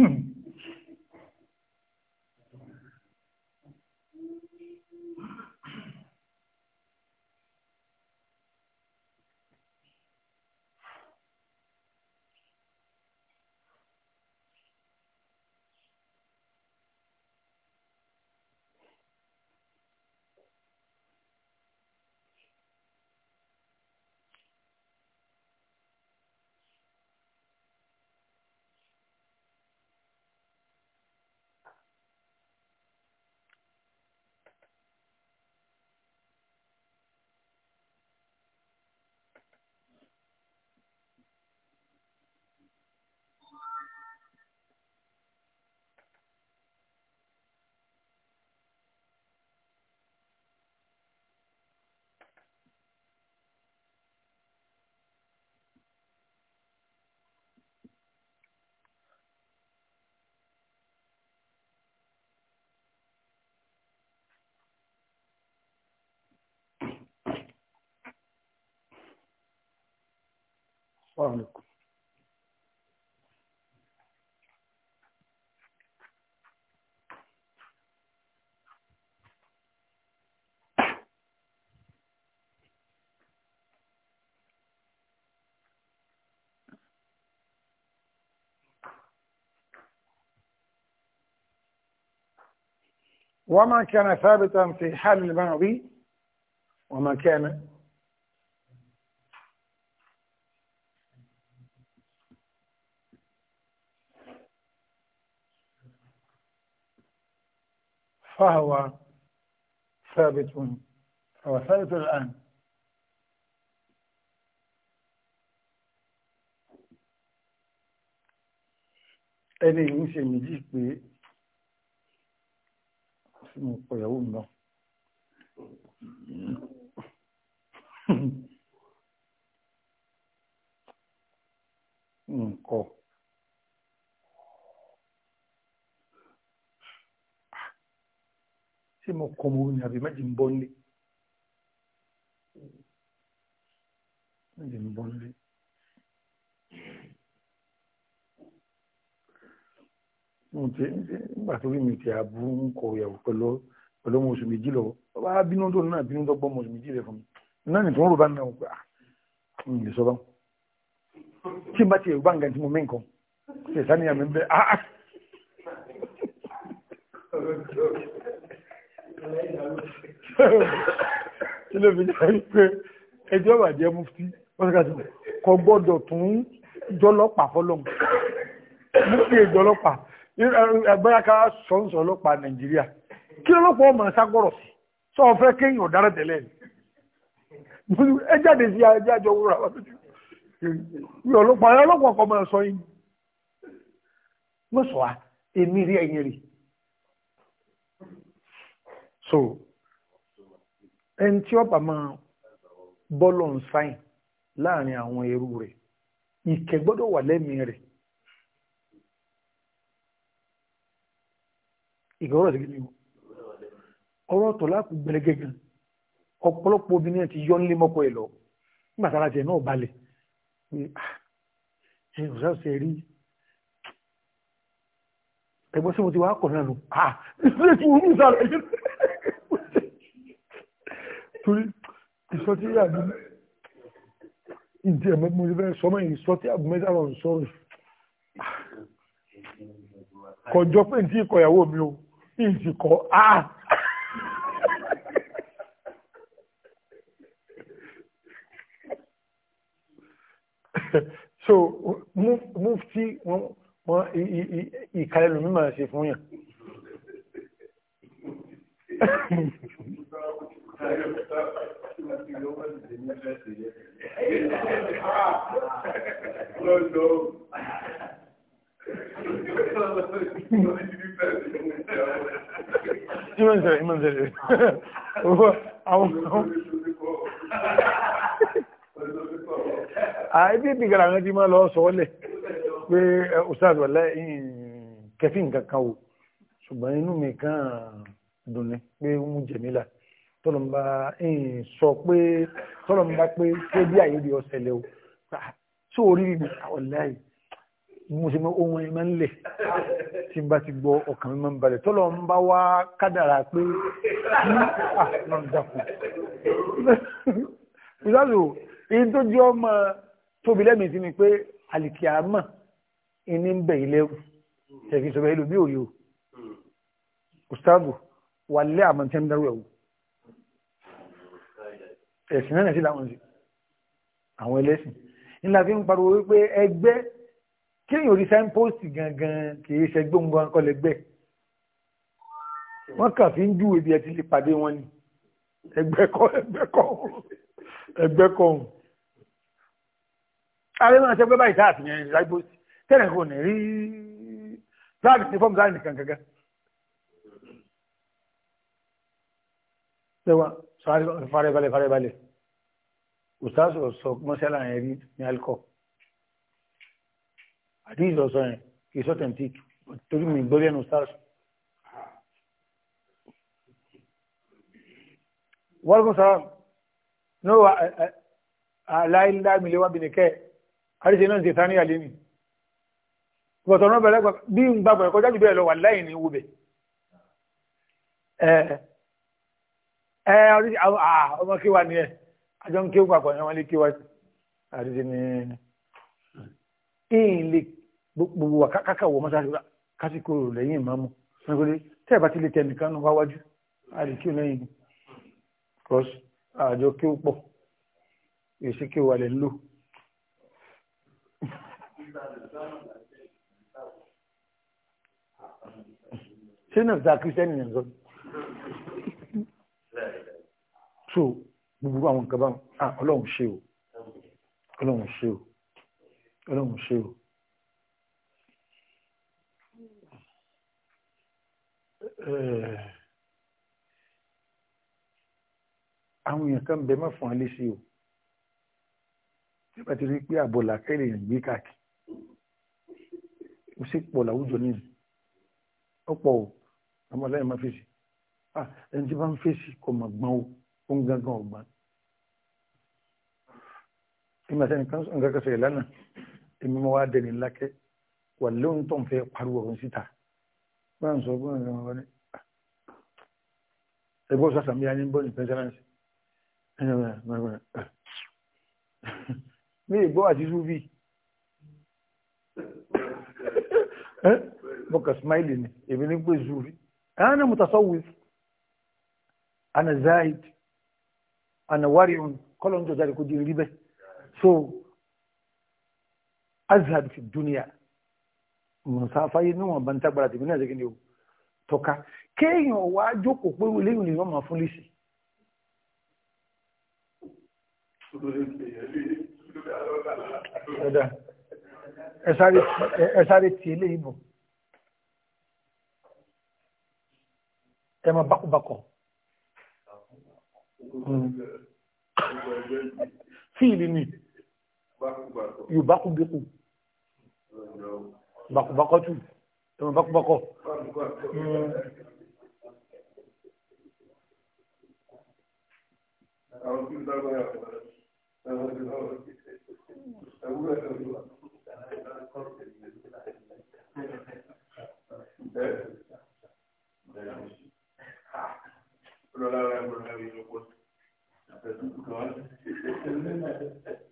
Speaker 1: Hmm. عليكم وما كان ثابتا في حال المنع به وما كان فهو ثابت فهو ثابت الآن ẹni yìí ń ṣe méjì pé sínú ọ̀yàwó náà nǹkan ṣé mo kọ́ mo ní àbí méjì ń bọ́ nílé méjì ń bọ́ nílé. nígbà tó rí mi ti àbúrú ń kọ ìyàwó pẹ̀lú pẹ̀lú ọmọ oṣù méjì lọ ọba bínú tó náà bínú tó gbọ́ ọmọ oṣù méjì rẹ̀ fún mi náà nìkan rò bá ń náà pé à ń lè sọ bá tí n bá ti ẹ̀rù bá ń ga tí mo mí nǹkan ṣe sáníyàn mi ń bẹ àá.
Speaker 2: Ah, ah.
Speaker 1: kí ló fi jẹ́ pé ẹjọ́ ìbàjẹ́ mufti kò gbọ́dọ̀ tún jọlọ́pàá fọlọ́mù mufti ìjọlọ́pàá agbáyàká sọ́nsọ́ ọlọ́pàá nàìjíríà kí lọ́pàá ọmọ ṣàgbọ́rọ̀ sí sọ fẹ́ kéèyàn ọ̀dára tẹ̀lé ẹ jáde sí ajájọ wúra wà lójú ọlọ́pàá ọlọ́pàá ọkọ̀ máa sọ yín mọ́sọ̀á èmi rí ẹ̀yìn rí so ẹni tí ọba máa bọ́lọ̀ ń sáyìn láàrin àwọn ẹrú rẹ̀ ìkẹ́ gbọ́dọ̀ wà lẹ́mìí rẹ̀ ìgbọ́rọ̀ sí gíní ọ̀rọ̀ tó lápò gbẹ̀lẹ́gẹ̀gàn ọ̀pọ̀lọpọ̀ obìnrin ti yọ́ nílé mọ́kọ̀ ẹ̀ lọ nígbàtàrà jẹ náà balẹ̀ ah, ẹ̀ ọ̀sáṣẹ́ rí ẹgbọ́sí mo ti wá kọ̀ náà nù ah, torí ìsọtí àdúgbò ìdí ẹ̀mọ́ mo ti fẹ́ sọmọ ìsọtí àbú mẹ́ta lọ sọ̀rọ̀ kọjọ pé ní ìkọ ìyàwó mi o ní ìsìnkọ á so mufti wọn ìkàlẹ̀ lómi máa ṣe fún yàn.
Speaker 2: İmam Zeli, İmam Zeli.
Speaker 1: Àìbí ìbí gara àwọn ẹjí máa lọ sọ́ọ́lẹ̀ pé Ustaz wà lẹ́yìn kẹfí nǹkan kan wò, ṣùgbọ́n inú mi kàn dùn ní pé ó mú jẹ̀mílà tọ́lọ̀mbà ẹ̀yìn sọ pé tọ́lọ̀mbà pé ṣé bí àyèdè ọ̀sẹ̀lẹ̀ o ṣé orí rí ọ̀láì ah, mo ṣe mọ́ ohun ẹ̀mọ́ ńlẹ̀ tí n bá ti gbọ́ ọkàn mi máa ń balẹ̀ tọ́lọ̀mbà wá kádàrà pé náà dàkú. ìdájọ́ èyí tó jẹ́ ọmọ tóbi lẹ́mìí sí àmọ́ tí ń darú ẹ̀ ẹ̀sìn náà sí láwọn sí àwọn ẹlẹ́sìn nílá fi ń pariwo wípé ẹgbẹ́ kí èèyàn rí signpost gangan kì í ṣẹgbẹ́ ohun gan kọ́lẹ̀ gbẹ́ wọ́n kàn fi ń júwe bí ẹ ti lè pàdé wọn ni ẹgbẹ́ kọ́ ẹgbẹ́ kọ́ ẹgbẹ́ kọ́ ọ̀hún. ààrẹ máa ṣẹgbẹ́ báyìí tá àtìyàn ẹ̀rí signpost tẹ́lẹ̀ kò ní rí láàrín ní fọ́ọ̀mù láàrín nìkan gangan. ṣé wàá sọ àrẹ balẹ̀ balẹ̀ balẹ̀ ustaz sọ mọ́ṣálà yẹn rí ní alcohol àti ìsọ̀sọ̀ yẹn kì í sọ̀tẹ̀ tí torí mi gbọ́rí ẹnu ustaz. wọ́lùkún sáà ní wà aláìlá mi lè wá bìnìkẹ́ àríṣe náà ń ṣe sáníyà lé mi bọ̀tọ̀ náà bẹ̀rẹ̀ bí n gbàgbọ́ ẹ̀kọ́ jáde bẹ́ẹ̀ lọ wà láì ní wúbẹ̀ ẹ ẹ ọmọ kí wà ní ẹ àjọ ń kéwù papọ̀ ẹ̀yàn wọn lè kéwà sí àdìsí ni ìyìn lè gbogbo wa kákà wọ mọ́sáàsì kásìkò lẹ́yìn ìmáàmù nígbàdí tẹ́ ẹ̀ bá ti lè tẹ̀ nìkan nù wáwájú àdìkí lẹ́yìn cross àjọ kéwù pọ̀ èsì kéwù alẹ́ ń lò. ṣé náà kírísítẹ́nì nìyẹn sọ gbogbo àwọn nǹkan ah ọlọ́run ṣe o ọlọ́run ṣe o ọlọ́run ṣe o eh, àwọn èèyàn kan bẹ mọ́ fún alé sí o tí bá ti rí pé àbọ̀là kẹ́lẹ̀ èèyàn gbé káàkiri ó sì pọ̀ láwùjọ ní ọ̀pọ̀ o ọmọ ọlọ́run máa fèsì ẹni tí bá ń fèsì kò mọ̀ gbọ́n o ó ń gángan ọ̀gbọ́n ìmọ̀ sẹ́ni kan nǹkan kan sọ̀rọ̀ lánàá èmi mo wá dẹni lákẹ́ wà lóun tó ń fẹ́ pariwo ọ̀hún síta wọ́n sọ fún ọ̀hún ọ̀hún ní ẹgbẹ́ sọ̀sà mi ayé ń bọ̀ ní pẹ́ńsẹ́lánsì mi ì gbọ́ àti sufi mo kà smile ni èmi ní gbé sufi ana mutasawwif ana zahid ana wari'un kọ́lọ́njọ́ jáde kó di rí bẹ́ẹ̀ so azhad fi duniya musafaye níwọ̀n bá ń tágbára tèmi náà jẹ́gẹ́ ni o tọ́ka kéèyàn wá jókòó pé léyìn lè wọ́n máa fún lèsì ẹ sáré tí eléyìí bọ̀ ẹ máa bákùbákọ̀ hmm. fíìlì ni yóò bá kú bí kú bakubakọ tù tọmọ bakubakọ
Speaker 2: Thank you.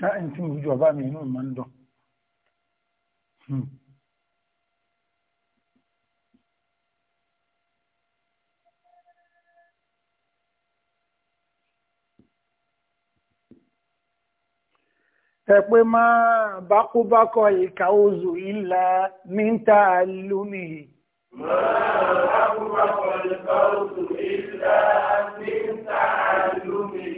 Speaker 1: ká ah, ẹni tí mo fi ju bàbá mi inú mi máa ń dọ̀ hmm. ẹ̀pẹ́ máa bákúbákọ̀ ìkà oòzù ìlà mínta àlúmìhì.
Speaker 2: máa bákúbákọ̀ ìkà oòzù ìlà mínta àlúmìhì.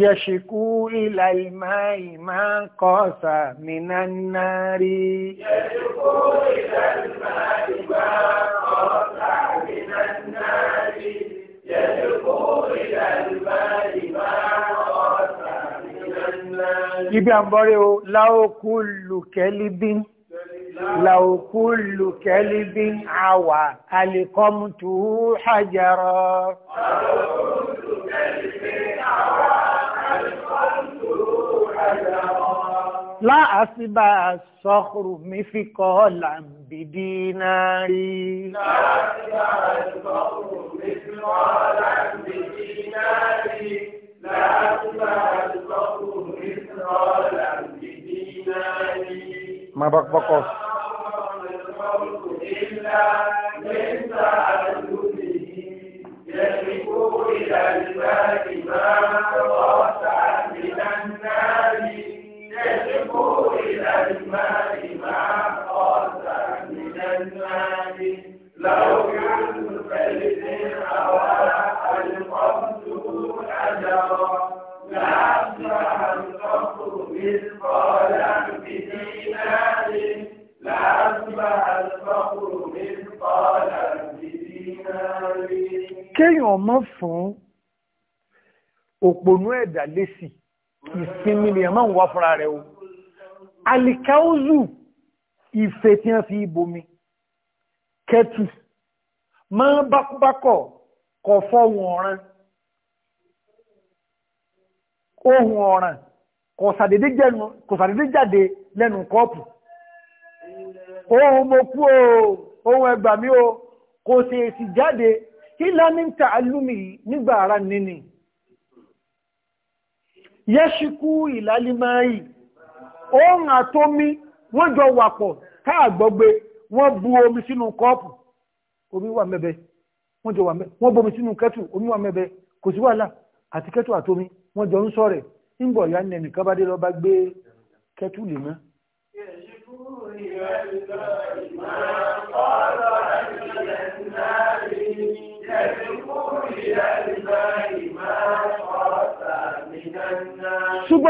Speaker 1: يشكو إلى الماء ما قاس من النار يشكو
Speaker 2: إلى الماء ما قاس من النار يشكو إلى الماء ما قاس من النار ibi
Speaker 1: àbọ̀rẹ́ o láòkúlù kẹ́líbí láòkúlù kẹ́líbí àwà àlèkọ́mùtù hajara
Speaker 2: láòkúlù kẹ́líbí
Speaker 1: لا أسبع الصخر مثقالا بديناري لا أسبع
Speaker 2: الصخر مثقالا بديناري لا أسبع الصخر مثقالا بديناري
Speaker 1: ما بقبقوش
Speaker 2: إلا من تعلمه يشكو إلى الباب ما وسع من النار
Speaker 1: kéèyàn mọ́ fún òpònú ẹ̀dá lésì ìsinmi lè máa ń wá fúnra rẹ̀ o alikauzu ìfẹ́ tí wọ́n fi bomi kẹtù máa bákúbákọ̀ kọ̀ fọ́hùn ọ̀ràn ohun ọ̀ràn kò sàdédé jáde lẹ́nu kọ́ọ̀pù ohun mo kú o ohun ẹgbàmí o kò sì èsì jáde kí lámíntà alúmi nígbà ara nínìí yẹ́ṣíkú ìlálímáyì ohun àtómi wọ́n jọ wàpọ̀ káàgbọ́gbe wọ́n bu omi sínú kọ́ọ̀pù omi wà mẹ́bẹ̀ wọ́n jọ wà mẹ́bẹ̀ wọ́n bomi sínú kẹ́tù omi wà mẹ́bẹ̀ kò sí wàhálà àti kẹ́tù àtómi wọ́n jọ ń sọ̀rẹ̀ ńgbọ̀ ya ní ẹnìkan lọ bá gbé kẹ́tù lè mọ́.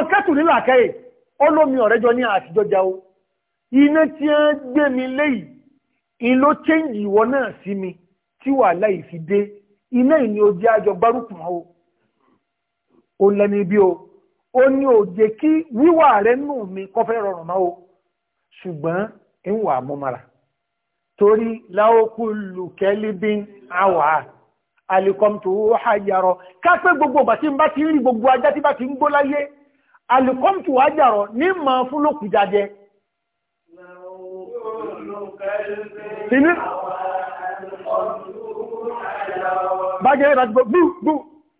Speaker 1: ọmọ kẹtù nílà kẹ́yì olómi ọ̀rẹ́jọ ní àtijọ́ jáwó iná tí a gbé mi léyìí ìlò chéǹjì ìwọ náà sí mi tí wà láì fi dé iná ìní ojé àjọ gbárùkù mọ́ o ò lẹ́ni bí o ó ní òjé kí wíwà rẹ̀ nù mi kọ́ rọrùn mọ́ o ṣùgbọ́n ń wà mọ́mọ́ra torí láókù lùkẹ́líbín àwàá alikọ́mtò ó ká pé gbogbo bàtí ń bá ti rí gbogbo ajá tí bá ti ń gbó láyé alùkọ́mtù ajarọ̀ ní ma fún lókù jajẹ inú bájẹ́ ìdájúgbọ́ bú bú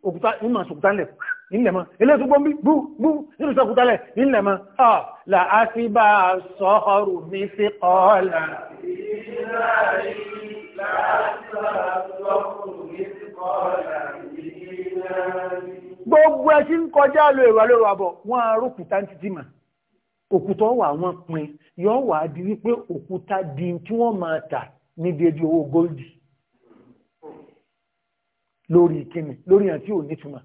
Speaker 1: òkúta ìmọ̀ sọ̀kútálẹ̀ ìlẹ̀mọ̀ ilé tó gbọ́n bí bú bú nínú sọ̀kútálẹ̀ ìlẹ̀mọ̀ ọ̀ làásíbà sọ́ọ̀rù ní sí ọ̀ọ̀lá
Speaker 2: Láàrín
Speaker 1: gbogbo ẹ tí ń kọjá lo èrò àlọ́ àbọ̀ wọ́n á rókùtà ń títí mà òkúta wà wọ́n pin yọ wà á di wípé òkúta di tí wọ́n máa tà ní déédéé owó góòlì lórí ìkíni lórí hàn tí ò nítumọ̀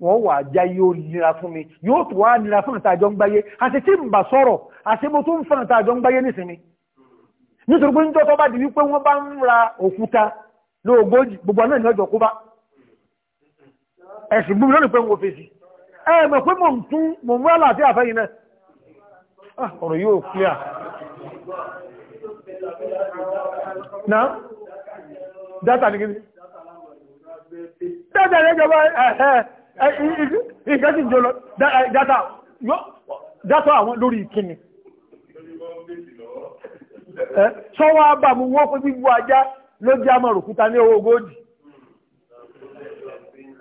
Speaker 1: wọ́n wà já yóò nira fún mi yóò tó wá nira fún àtàjọ ń gbáyé àti tí ń sọ̀rọ̀ àti mo tó ń fún àtàjọ ń gbáyé nísìnyí nítorí pé ń tọ́tọ́ bá di wípé wọ́n bá ń ra òkúta lóògbójì gbogbo ẹ̀sìn gbúmi lónìí pé ń wo fèsì ẹ mọ̀ pé mò ń tún mò ń wá láti àfẹ́yìn náà ah, ọ̀rọ̀ yóò clear náà dátà ní kíni dátà ní ìjọba ìgbẹ́ sí ìjọ lọ dátà àwọn lórí ìkíni sọ́wọ́ abàmú wọ́n pé gbígbó ajá ló jẹ́ àmọ̀rùkúta ní owó góòdì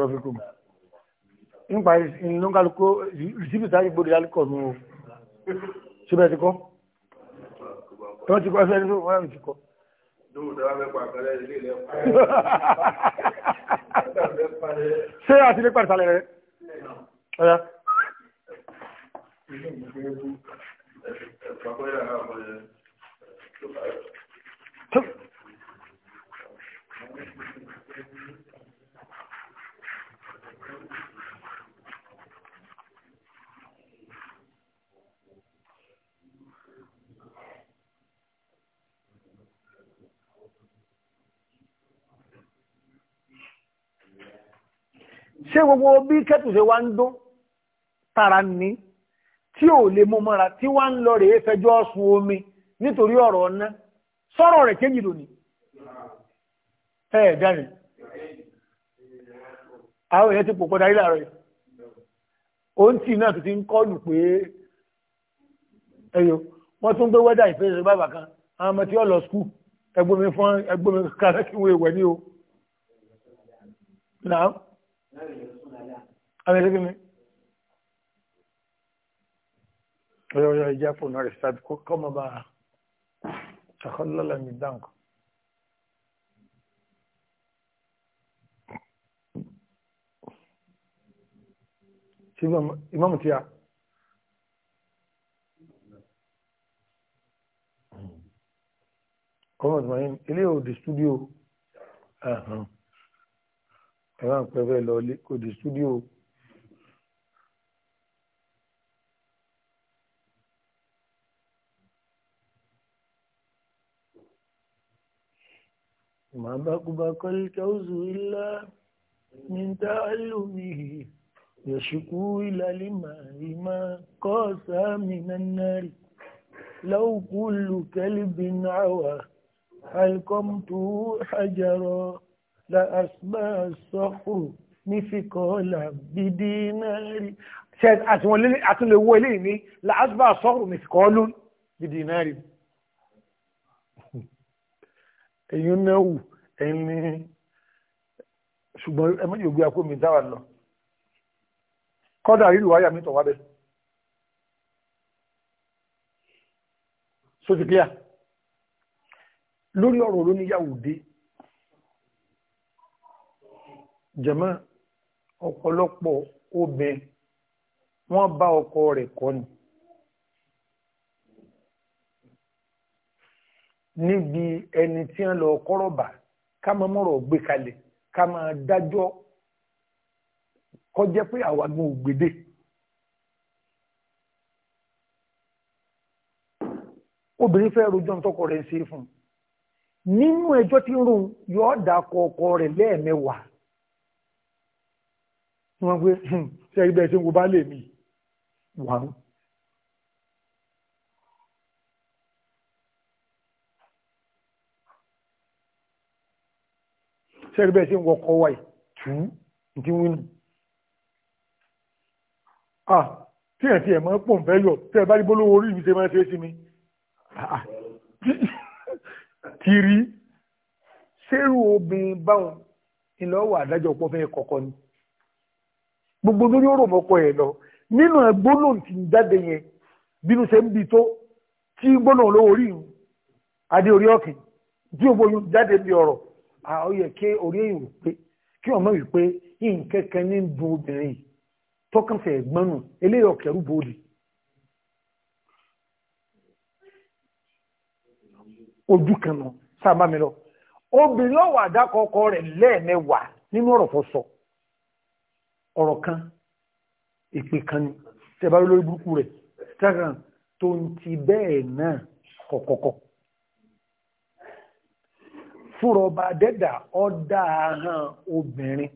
Speaker 1: barakallahu fikum nípa ìlúkàlùkọ́ rìsíbì sáyé gbòdì alìkọ̀ nù o síbẹ̀ ti kọ́ tó ti kọ́ sẹ́ni tó wọ́n ti kọ́. ṣé àti nípa ìsàlẹ̀ rẹ̀ ọ̀yá.
Speaker 2: Thank you.
Speaker 1: ṣé gbogbo bí kẹ́tù ṣe wá ń dún tara ní tí ò lè mú mọ́ra tí wá ń lọ rèé fẹjọ́ sun omi nítorí ọ̀rọ̀ ọ̀nà sọ́rọ̀ rẹ̀ kéjì lónìí ẹ̀ dẹ́rìn àwọn èèyàn ti pò pọ̀dá ilẹ̀ rẹ̀ o ń tí náà tó ti ń kọlù pé ẹyọ wọ́n tún gbé wẹ́dà ìfẹ́sẹ̀ bàbà kan àwọn ọmọ tí ó lọ skú ẹgbómi fún ẹgbómi kàrẹ́kíwé ìwẹ̀ ní o náà Àwọn ẹlẹ́gbẹ́ mi. Ọyọ́ ọyọ́ ìjà fún náà rẹ̀ sáàbì kó kọ́ mọ́ bá a. Ṣàkọ́lọ́lọ́ mi dáǹkọ̀. Ṣé ìmọ̀mù tí a? Kọ́mọ̀ tí wọ́n yẹn, ilé ò di ẹ̀rọ àpẹẹrẹ lọlé kò dé stúdíò ما بقبق الكوز إلا من تألمه يشكو إلى الماء ما قاسى من النار لو كل كلب عوى حلقمته حجرا لأسمى الصحو مثقال بدينار شاهد أتولي أتولي وليني لأسمى الصحو مثقال بدينار èyí ń náwó ẹni ṣùgbọ́n ẹ méjì ògbé akó mi dáwà lọ kọ́dà rírù wáyà mi tọ̀ wá bẹ́ so lórí ọ̀rọ̀ ló dé jàmá ọ̀pọ̀lọpọ̀ obìnrin wọ́n bá ọkọ rẹ̀ kọ́ ni níbi ẹni tí wọ́n lọ kọ́rọ̀bà ká máa mọ̀rọ̀ gbé kalẹ̀ ká máa dájọ́ kọjá pé àwa gan ògbédè. obìnrin fẹ́ rojọ́ tọkọ rẹ̀ ń ṣe fún un nínú ẹjọ́ tí ń rún yọ̀ọ́ dà rẹ̀ lẹ́ẹ̀mẹwàá ni wọ́n pé hmm, ṣe ẹgbẹ́ ṣe ń bá lè mi wọ́n ṣe ẹgbẹ́ ṣe ń wọ ọkọ̀ wáyé tù ú tí wínú ah tí ẹ̀ tí ẹ̀ mọ́ pọ̀ ń fẹ́ yọ tí ẹ bá rí bólówó orí mi ṣe máa ṣe sí mi ti rí ṣérù obìnrin báwọn ìlọ́wọ́ àdájọ́ pọ̀ fẹ́ kọ̀ọ̀kan ni. gbogbo lórí ọ̀rọ̀ ọmọkọ ẹ̀ lọ nínú gbólóhùn tí ń jáde yẹn bínú ṣe ń bi tó tí gbólóhùn lówó orí ìhùn adé orí ọ̀kìn tí ògbó yóò jáde bí ọ̀rọ̀ àọyẹ kí orí èyàn pé kí ọmọ yìí pé nǹkankan ní bu obìnrin ojú kan sábà mi lọ obìnrin ọwọ àdàkọ ọkọ rẹ̀ lẹ́ẹ̀mẹwàá nínú ọ̀rọ̀ fọsọ. ọ̀rọ̀ kan ìpè kan ni tẹ́bá lórí burúkú rẹ̀ instagram tó ń ti bẹ́ẹ̀ náà kọ̀kọ̀kọ̀ fúnra ọba dẹ́dà ọ̀dà ahọ́n obìnrin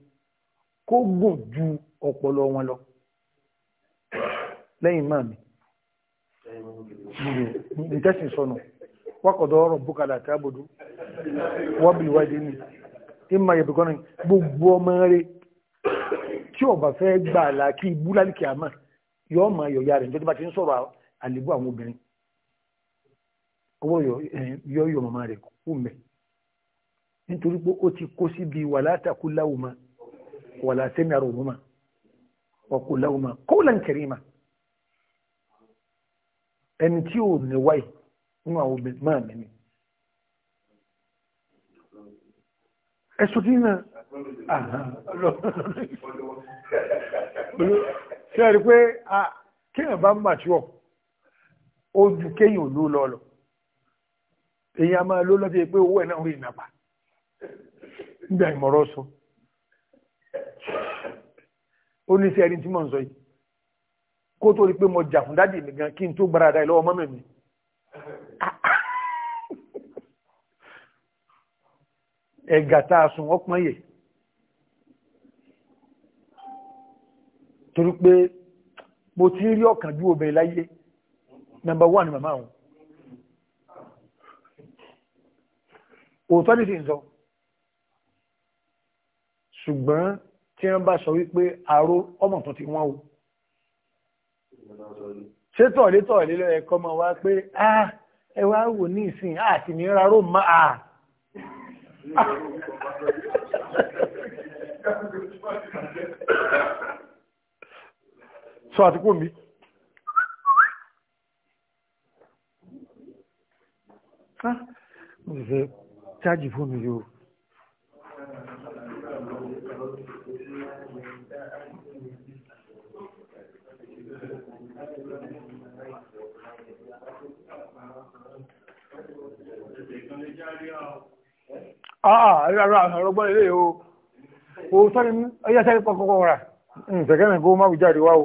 Speaker 1: kó gùn ju ọpọlọ wọn lọ lẹ́yìn máa mi ìtẹ́sìn sọnù wákọ̀dọ̀ ọ̀rọ̀ búkàlà tí a bòdú wọ́n ní ìmọ̀ ìbìkọ́nà gbogbo ọmọ rẹ̀ tí ọba fẹ́ gbà là kí ibú lálìkì àmà yóò máa yọ ya rẹ̀ níjọ́ tó bá ti ń sọ̀rọ̀ àlébù àwọn obìnrin ọwọ́ yọ yọ màmá rẹ̀ kú mẹ́ nítorí pé ó ti kó síbi wà látàkú láwùmá wà látẹ́mi àrò òmùmá láwùmá kó láǹkẹ̀rì mà ẹni tí ò ní wáyé nínú àwọn obìnrin máa mẹ́ni ẹ̀sùn tí náà ṣe rí pé kéèyàn bá mature ojú kéèyàn ló lọ́lọ́ èyàn máa ló lọ́tí pé owó ẹ̀ náà rí ìnàpá nígbà ìmọ̀rọ̀ sọ ó ní sí ẹni tí mò ń sọ yìí kó tó rí pé mo jà fún dádì mi gan kí n tó gbáradá ìlọ́wọ́ mọ́mọ́ mi ẹ̀gà tá a sùn ọpọ́n yẹ̀ torí pé mo ti rí ọ̀kánjú obìnrin láyé number one màmá àwọn òótọ́ ní sì ń sọ ṣùgbọ́n tí wọ́n bá sọ wípé àrò ọmọ tó ti wọ́n o ṣé tọ̀lé tọ̀lé lọ ẹ̀kọ́ mọ̀ wá pé ah ẹ wá wò ní ìsìn àti ní rárò má a
Speaker 2: Thank you.
Speaker 1: sọ àti kò mí. mo sì fẹ́ chájì fóònù ah, ah, yìí o. ọ̀rọ̀gbọ́n ilé o o sọ́rin ayáṣẹ́ pọ̀pọ̀ rà ń tẹ̀kẹ́ mẹ́gbó máa wùjáde wá o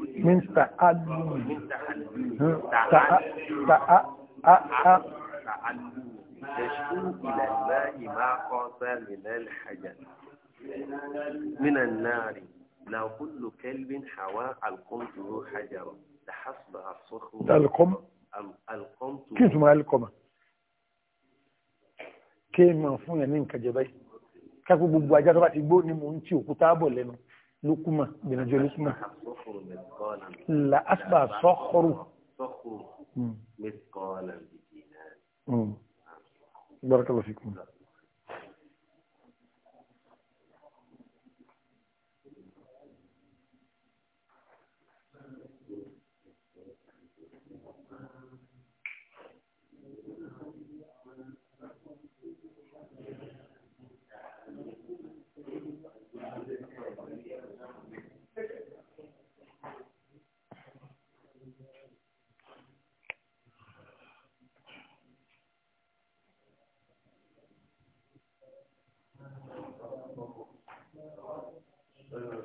Speaker 2: من تعلم تعلم يشكو إلى الماء ما قاس من الحجر من النار لو كل كلب حواء القمت ذو حجر لحسبها الصخر القم القمت
Speaker 1: كيف ما القمة كيف ما فون ينين كجبي كاكو بوبو اجا تو باتي gbọ́ ni mo nti òkúta bọ̀ lẹ́nu لقمة بنجي لقمة
Speaker 3: لا أشبه صخر صخر مثقالا
Speaker 1: بدينار بارك الله فيكم uh,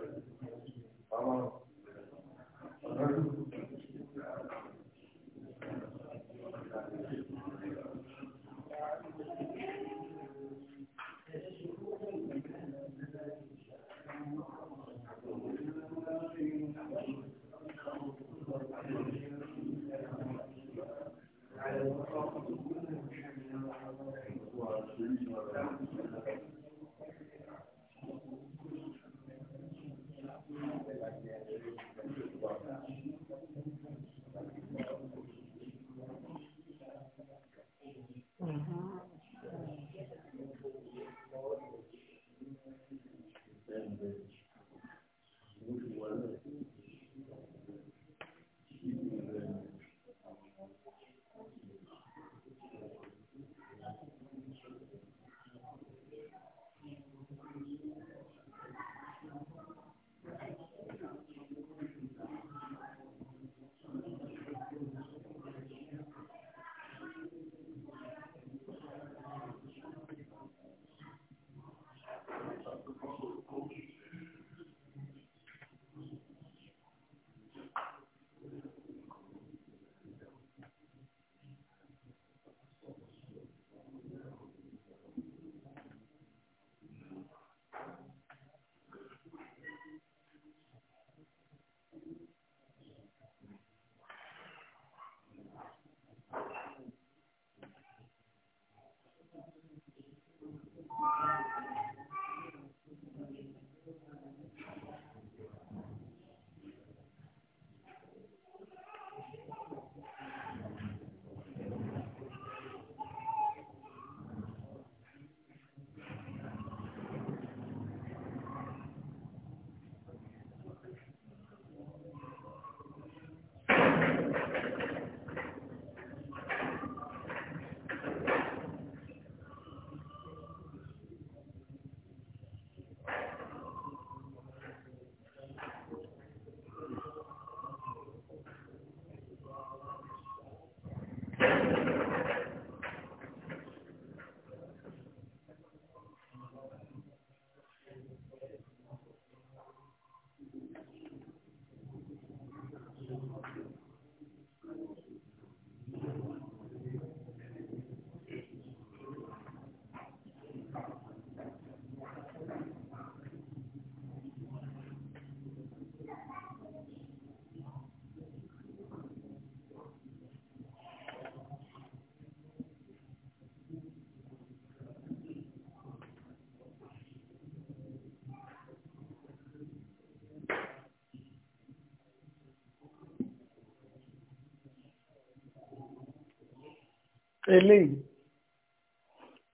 Speaker 1: eléyìí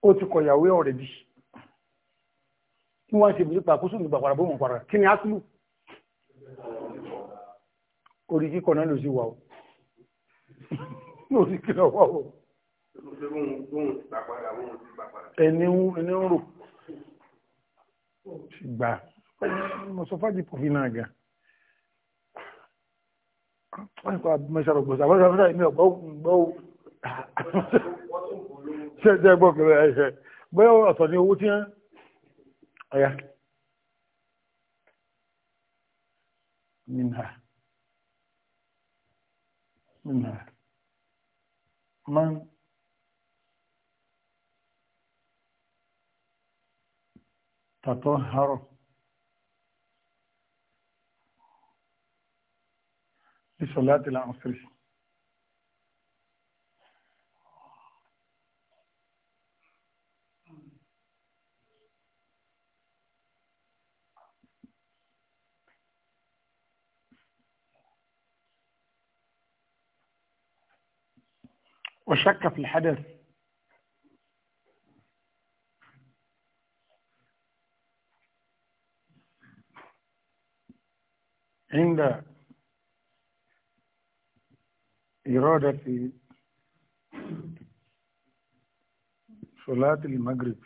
Speaker 1: ó ti kọ̀yàwó ọ̀rẹ́ bí wọ́n ṣe bùsùpà kó sùn gbàgbàrà bó mọ̀ pàrà kí ni áṣìlú orí kíkọ̀ náà ló sì wà ó lórí kíkọ̀ wà ó ẹni ń rò ṣùgbà mọ̀sọ́fájì pọ̀fí náà ga wọ́n ń kọ́ abúmọ́sára gbọ́sà wọ́n ń sọ ṣe jẹ́ gbọ́ kẹrẹ ẹ̀ṣẹ̀ bẹ́ẹ̀ ọ̀sán ni owó tí ń ọ̀yá minha minha man tàtọ́ harọ̀ bí sọ̀lá tìlà وشك في الحدث عند إرادة صلاة المغرب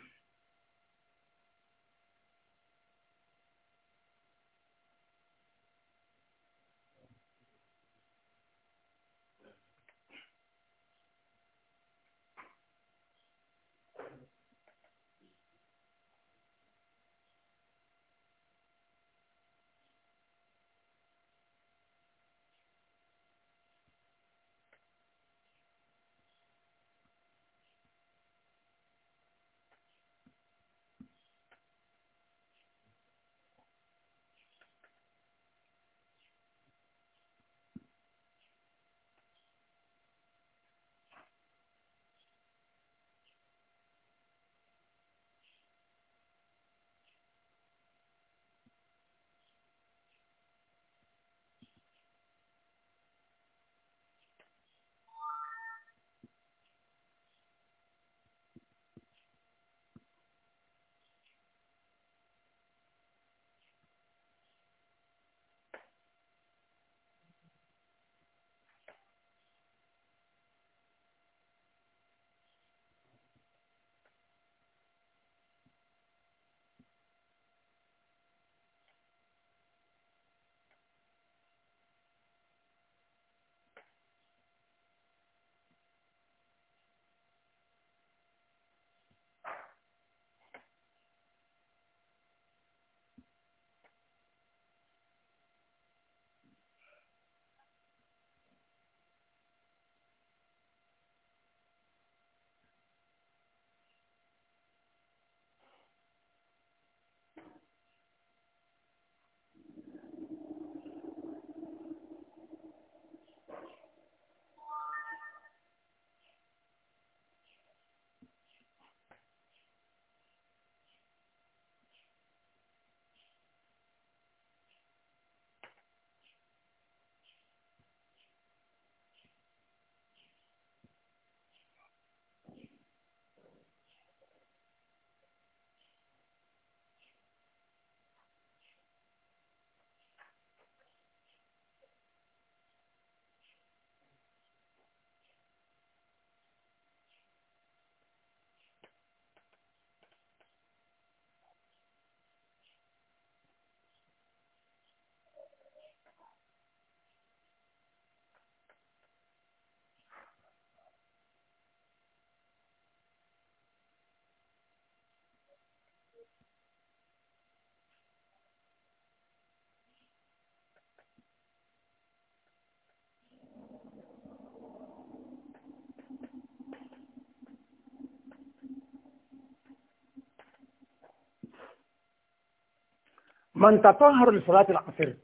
Speaker 1: من تطهر لصلاة العصر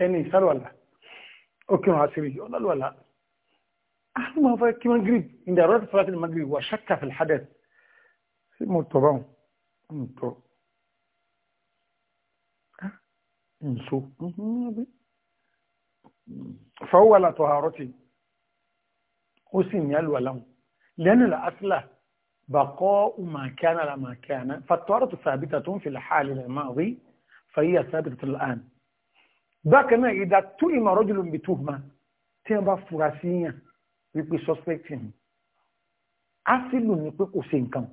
Speaker 1: اني يسأل ولا أوكي عصري يقول لا ولا أحنا ما فاك غريب إن دارت صلاة المغرب وشك في الحدث مرتبان انتو انسو فهو لا طهارتي أسمي الولم لأن الأصل بقاء ما كان لما كان فالطهارة ثابتة في الحال الماضي fàyíyà sábẹ̀tẹ̀ lọ́án bákan náà ìdá tó ìmọ̀ rọ́jùlù ń bi tó ma tí wọ́n bá fura sí yàn wípé suspect ni asílù ni pé kò ṣe nǹkan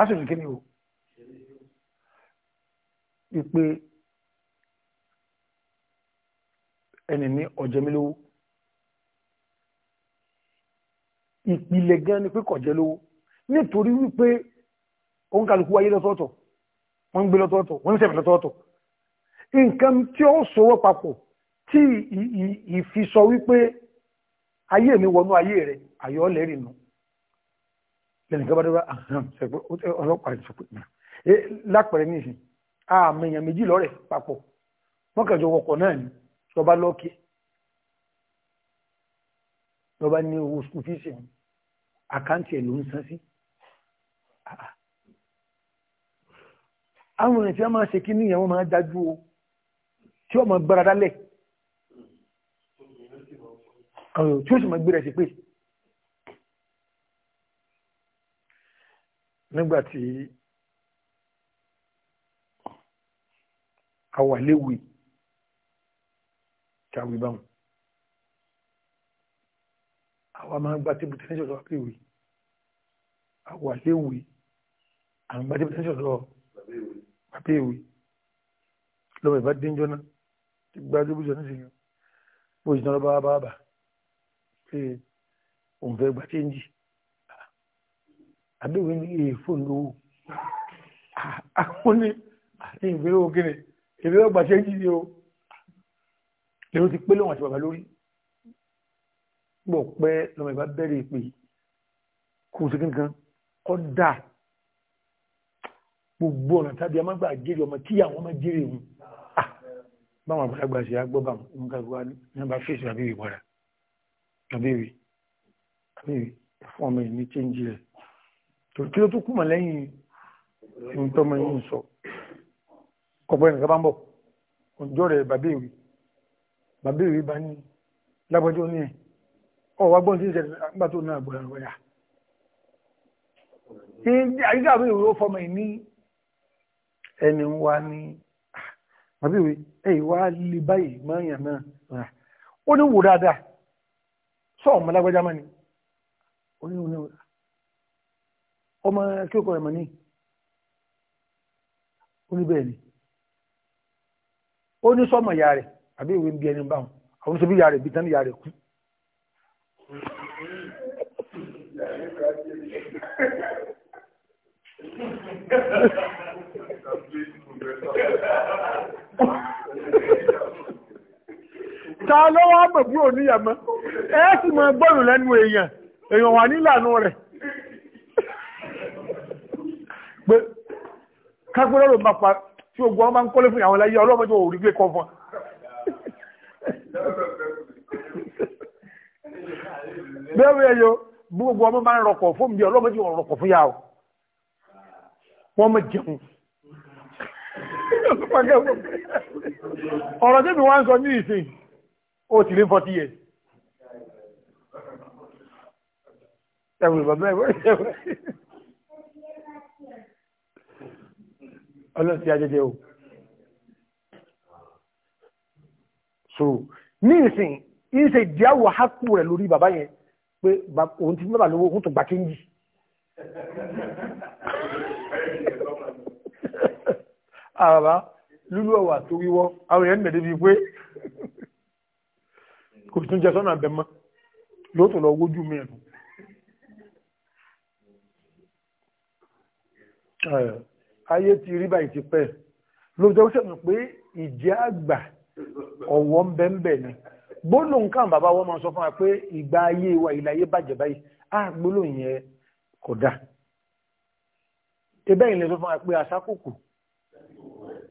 Speaker 1: asílù kí ni o wípé ẹni ní ọjọ́ mi lówó ìpìlẹ̀ gan ni pé kọ̀jẹ́ lówó nítorí wípé òun kàlùkù ayé lọ́tọ̀ọ̀tọ̀ wọ́n ń gbé lọ́tọ̀ọ̀tọ̀ wọ́n ń sẹ̀mẹ̀ lọ́tọ̀ọ̀tọ̀ nǹkan tí ó sọwọ́ papọ̀ tí ìfisọ wípé ayé mi wọnú ayé rẹ̀ àyọ́ lẹ́rìí nù lẹ́nìkan bá dé bá ọlọ́pàá ìṣòpè lápẹ̀rẹ̀ ní ìsìn àmì èèyàn méjì lọ́rẹ̀ papọ̀ wọ́n kẹjọ wọkọ̀ náà ni lọ́ba lọ́ọ̀kì lọ́ba ní owó skul fíìsì àkáǹtì ẹ̀ ló ń san sí. àwọn ènìyàn tí wọ́n máa ṣe kí ní ìyàwó máa dájú o tí wọ́n máa gbára dálẹ̀ tí ó sì máa gbéra sí pé nígbàtí a wà léwe kàwé báwọn àwa máa gba tébù tẹ́ńṣọ̀ lọ́wọ́ pé ìwé léwe àwọn gba tébù tẹ́ńṣọ̀ lọ́wọ́ bàbá èwe lọ́wọ́ ìbá dénjọ́ náà ti gba débùjọ nísìnyí bó ìjìnà lọ́ba bá bà pé òun fẹ́ gbà chéńjì àbẹ̀wé ní èèfò lówó àwọn ah, ní ìgbéró gíní ìgbéró gbà chéńjì ni o lèrò ti pé lóhùn àti bàbá lórí gbọ̀ pẹ́ lọ́mọ ìbá bẹ̀rẹ̀ ìpè kù sí kankan kọ́ dáa gbogbo ọ̀nà tàbí a máa gbà jèrè ọmọ tí àwọn ọmọ jèrè òun ah, báwọn àgbàlagbà ṣe agbọ́bà mú kàgbà nígbà fèsì àbíwì bọ́ra àbíwì àbíwì ẹ̀fọ́ ọmọ ìní chẹ́ńjì rẹ̀ tó kí ló tó kúmọ̀ lẹ́yìn ohun tó mọ yìí ń sọ kọ̀pọ̀ ẹnìkan bá ń bọ̀ ọjọ́ rẹ̀ bàbéèwì bàbéèwì bá ní lágbọ́jọ́ ní ẹ̀ ọ̀ wá gbọ́n tí ń ṣẹlẹ̀ ẹni wá ní ah, àbíwí ẹ̀yìn wá lè báyìí mọ́yàn náà ah, ó ní wò dáadáa sọ ọmọ lágbájá mọ́ ni ó ní òní ọmọ kíkọ́ ní ó ní ni ó ní sọ́mọ̀ ìyá rẹ̀ àbí ń bí ẹni báwọn àwọn sọ ìyá rẹ̀ bí tán ìyá ta ló wá mọ̀ bí oníyàmọ́ ẹ sì mọ gbọ́rùn lẹ́nu èèyàn èèyàn wà nílànà rẹ̀ pé kágbọ́rọ̀ ló bá pa tí ogun ọmọ ń kọ́lé fún àwọn ẹlẹ́yẹ ọlọ́mọdé òòrí gbé kọ́ fún bẹ́ẹ̀ yọ bí gbogbo ọmọ máa ń rọkọ̀ fún mi ọlọ́mọdé ọ̀rọ̀kọ̀ fún yà ó wọ́n mọ̀ jẹun ọ̀rọ̀ tẹ́mi wá ń sọ ní ìsìn ó ti lé forty years. ẹ̀wùn bàbá ẹ̀wùn ẹ̀wùn ọlọ́sí ajẹjẹ o. so ní ìsìn ìṣe ìdíyàwó hákù rẹ̀ lórí bàbá yẹn pé òun ti bàbá lówó òun tó gbà kéńjì. Ah, àbá lúlú ọ̀wà tó wíwọ́ àwọn èèyàn mẹ̀dẹ́bí pé kò tún jẹ sọ́nà àbẹ̀ mọ́ lóòótọ́ lọ wójú mi ẹ̀nu ayé ti rí báyìí ti pẹ́ lóòótọ́ sẹ́mi pé ìjẹ́ àgbà ọ̀wọ́ ń bẹ́ ń bẹ̀ ni gbólóhùn kan bàbá wọn máa sọ fún wa pé ìgbà ayé wa ìlàyé bàjẹ́ báyìí á gbólóhùn yẹn kò dáa ebe ìlẹ̀ sọ fún wa pé asákòkò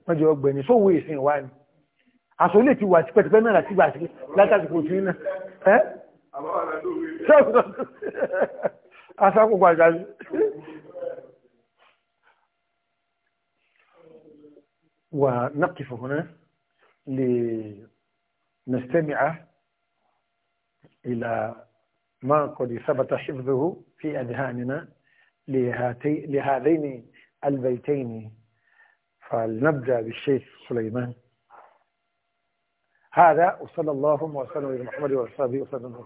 Speaker 1: wọ́n jẹ́ ọgbẹ̀ni sówó ìsìn wa ni ti wà sí pẹ̀tẹ̀pẹ̀ sí sí ẹ́ ونقف هنا لنستمع إلى ما قد ثبت حفظه في أذهاننا لهاتي لهذين البيتين فلنبدأ بالشيخ سليمان هذا وصلى اللهم وسلم على محمد وعلى اله وصحبه وسلم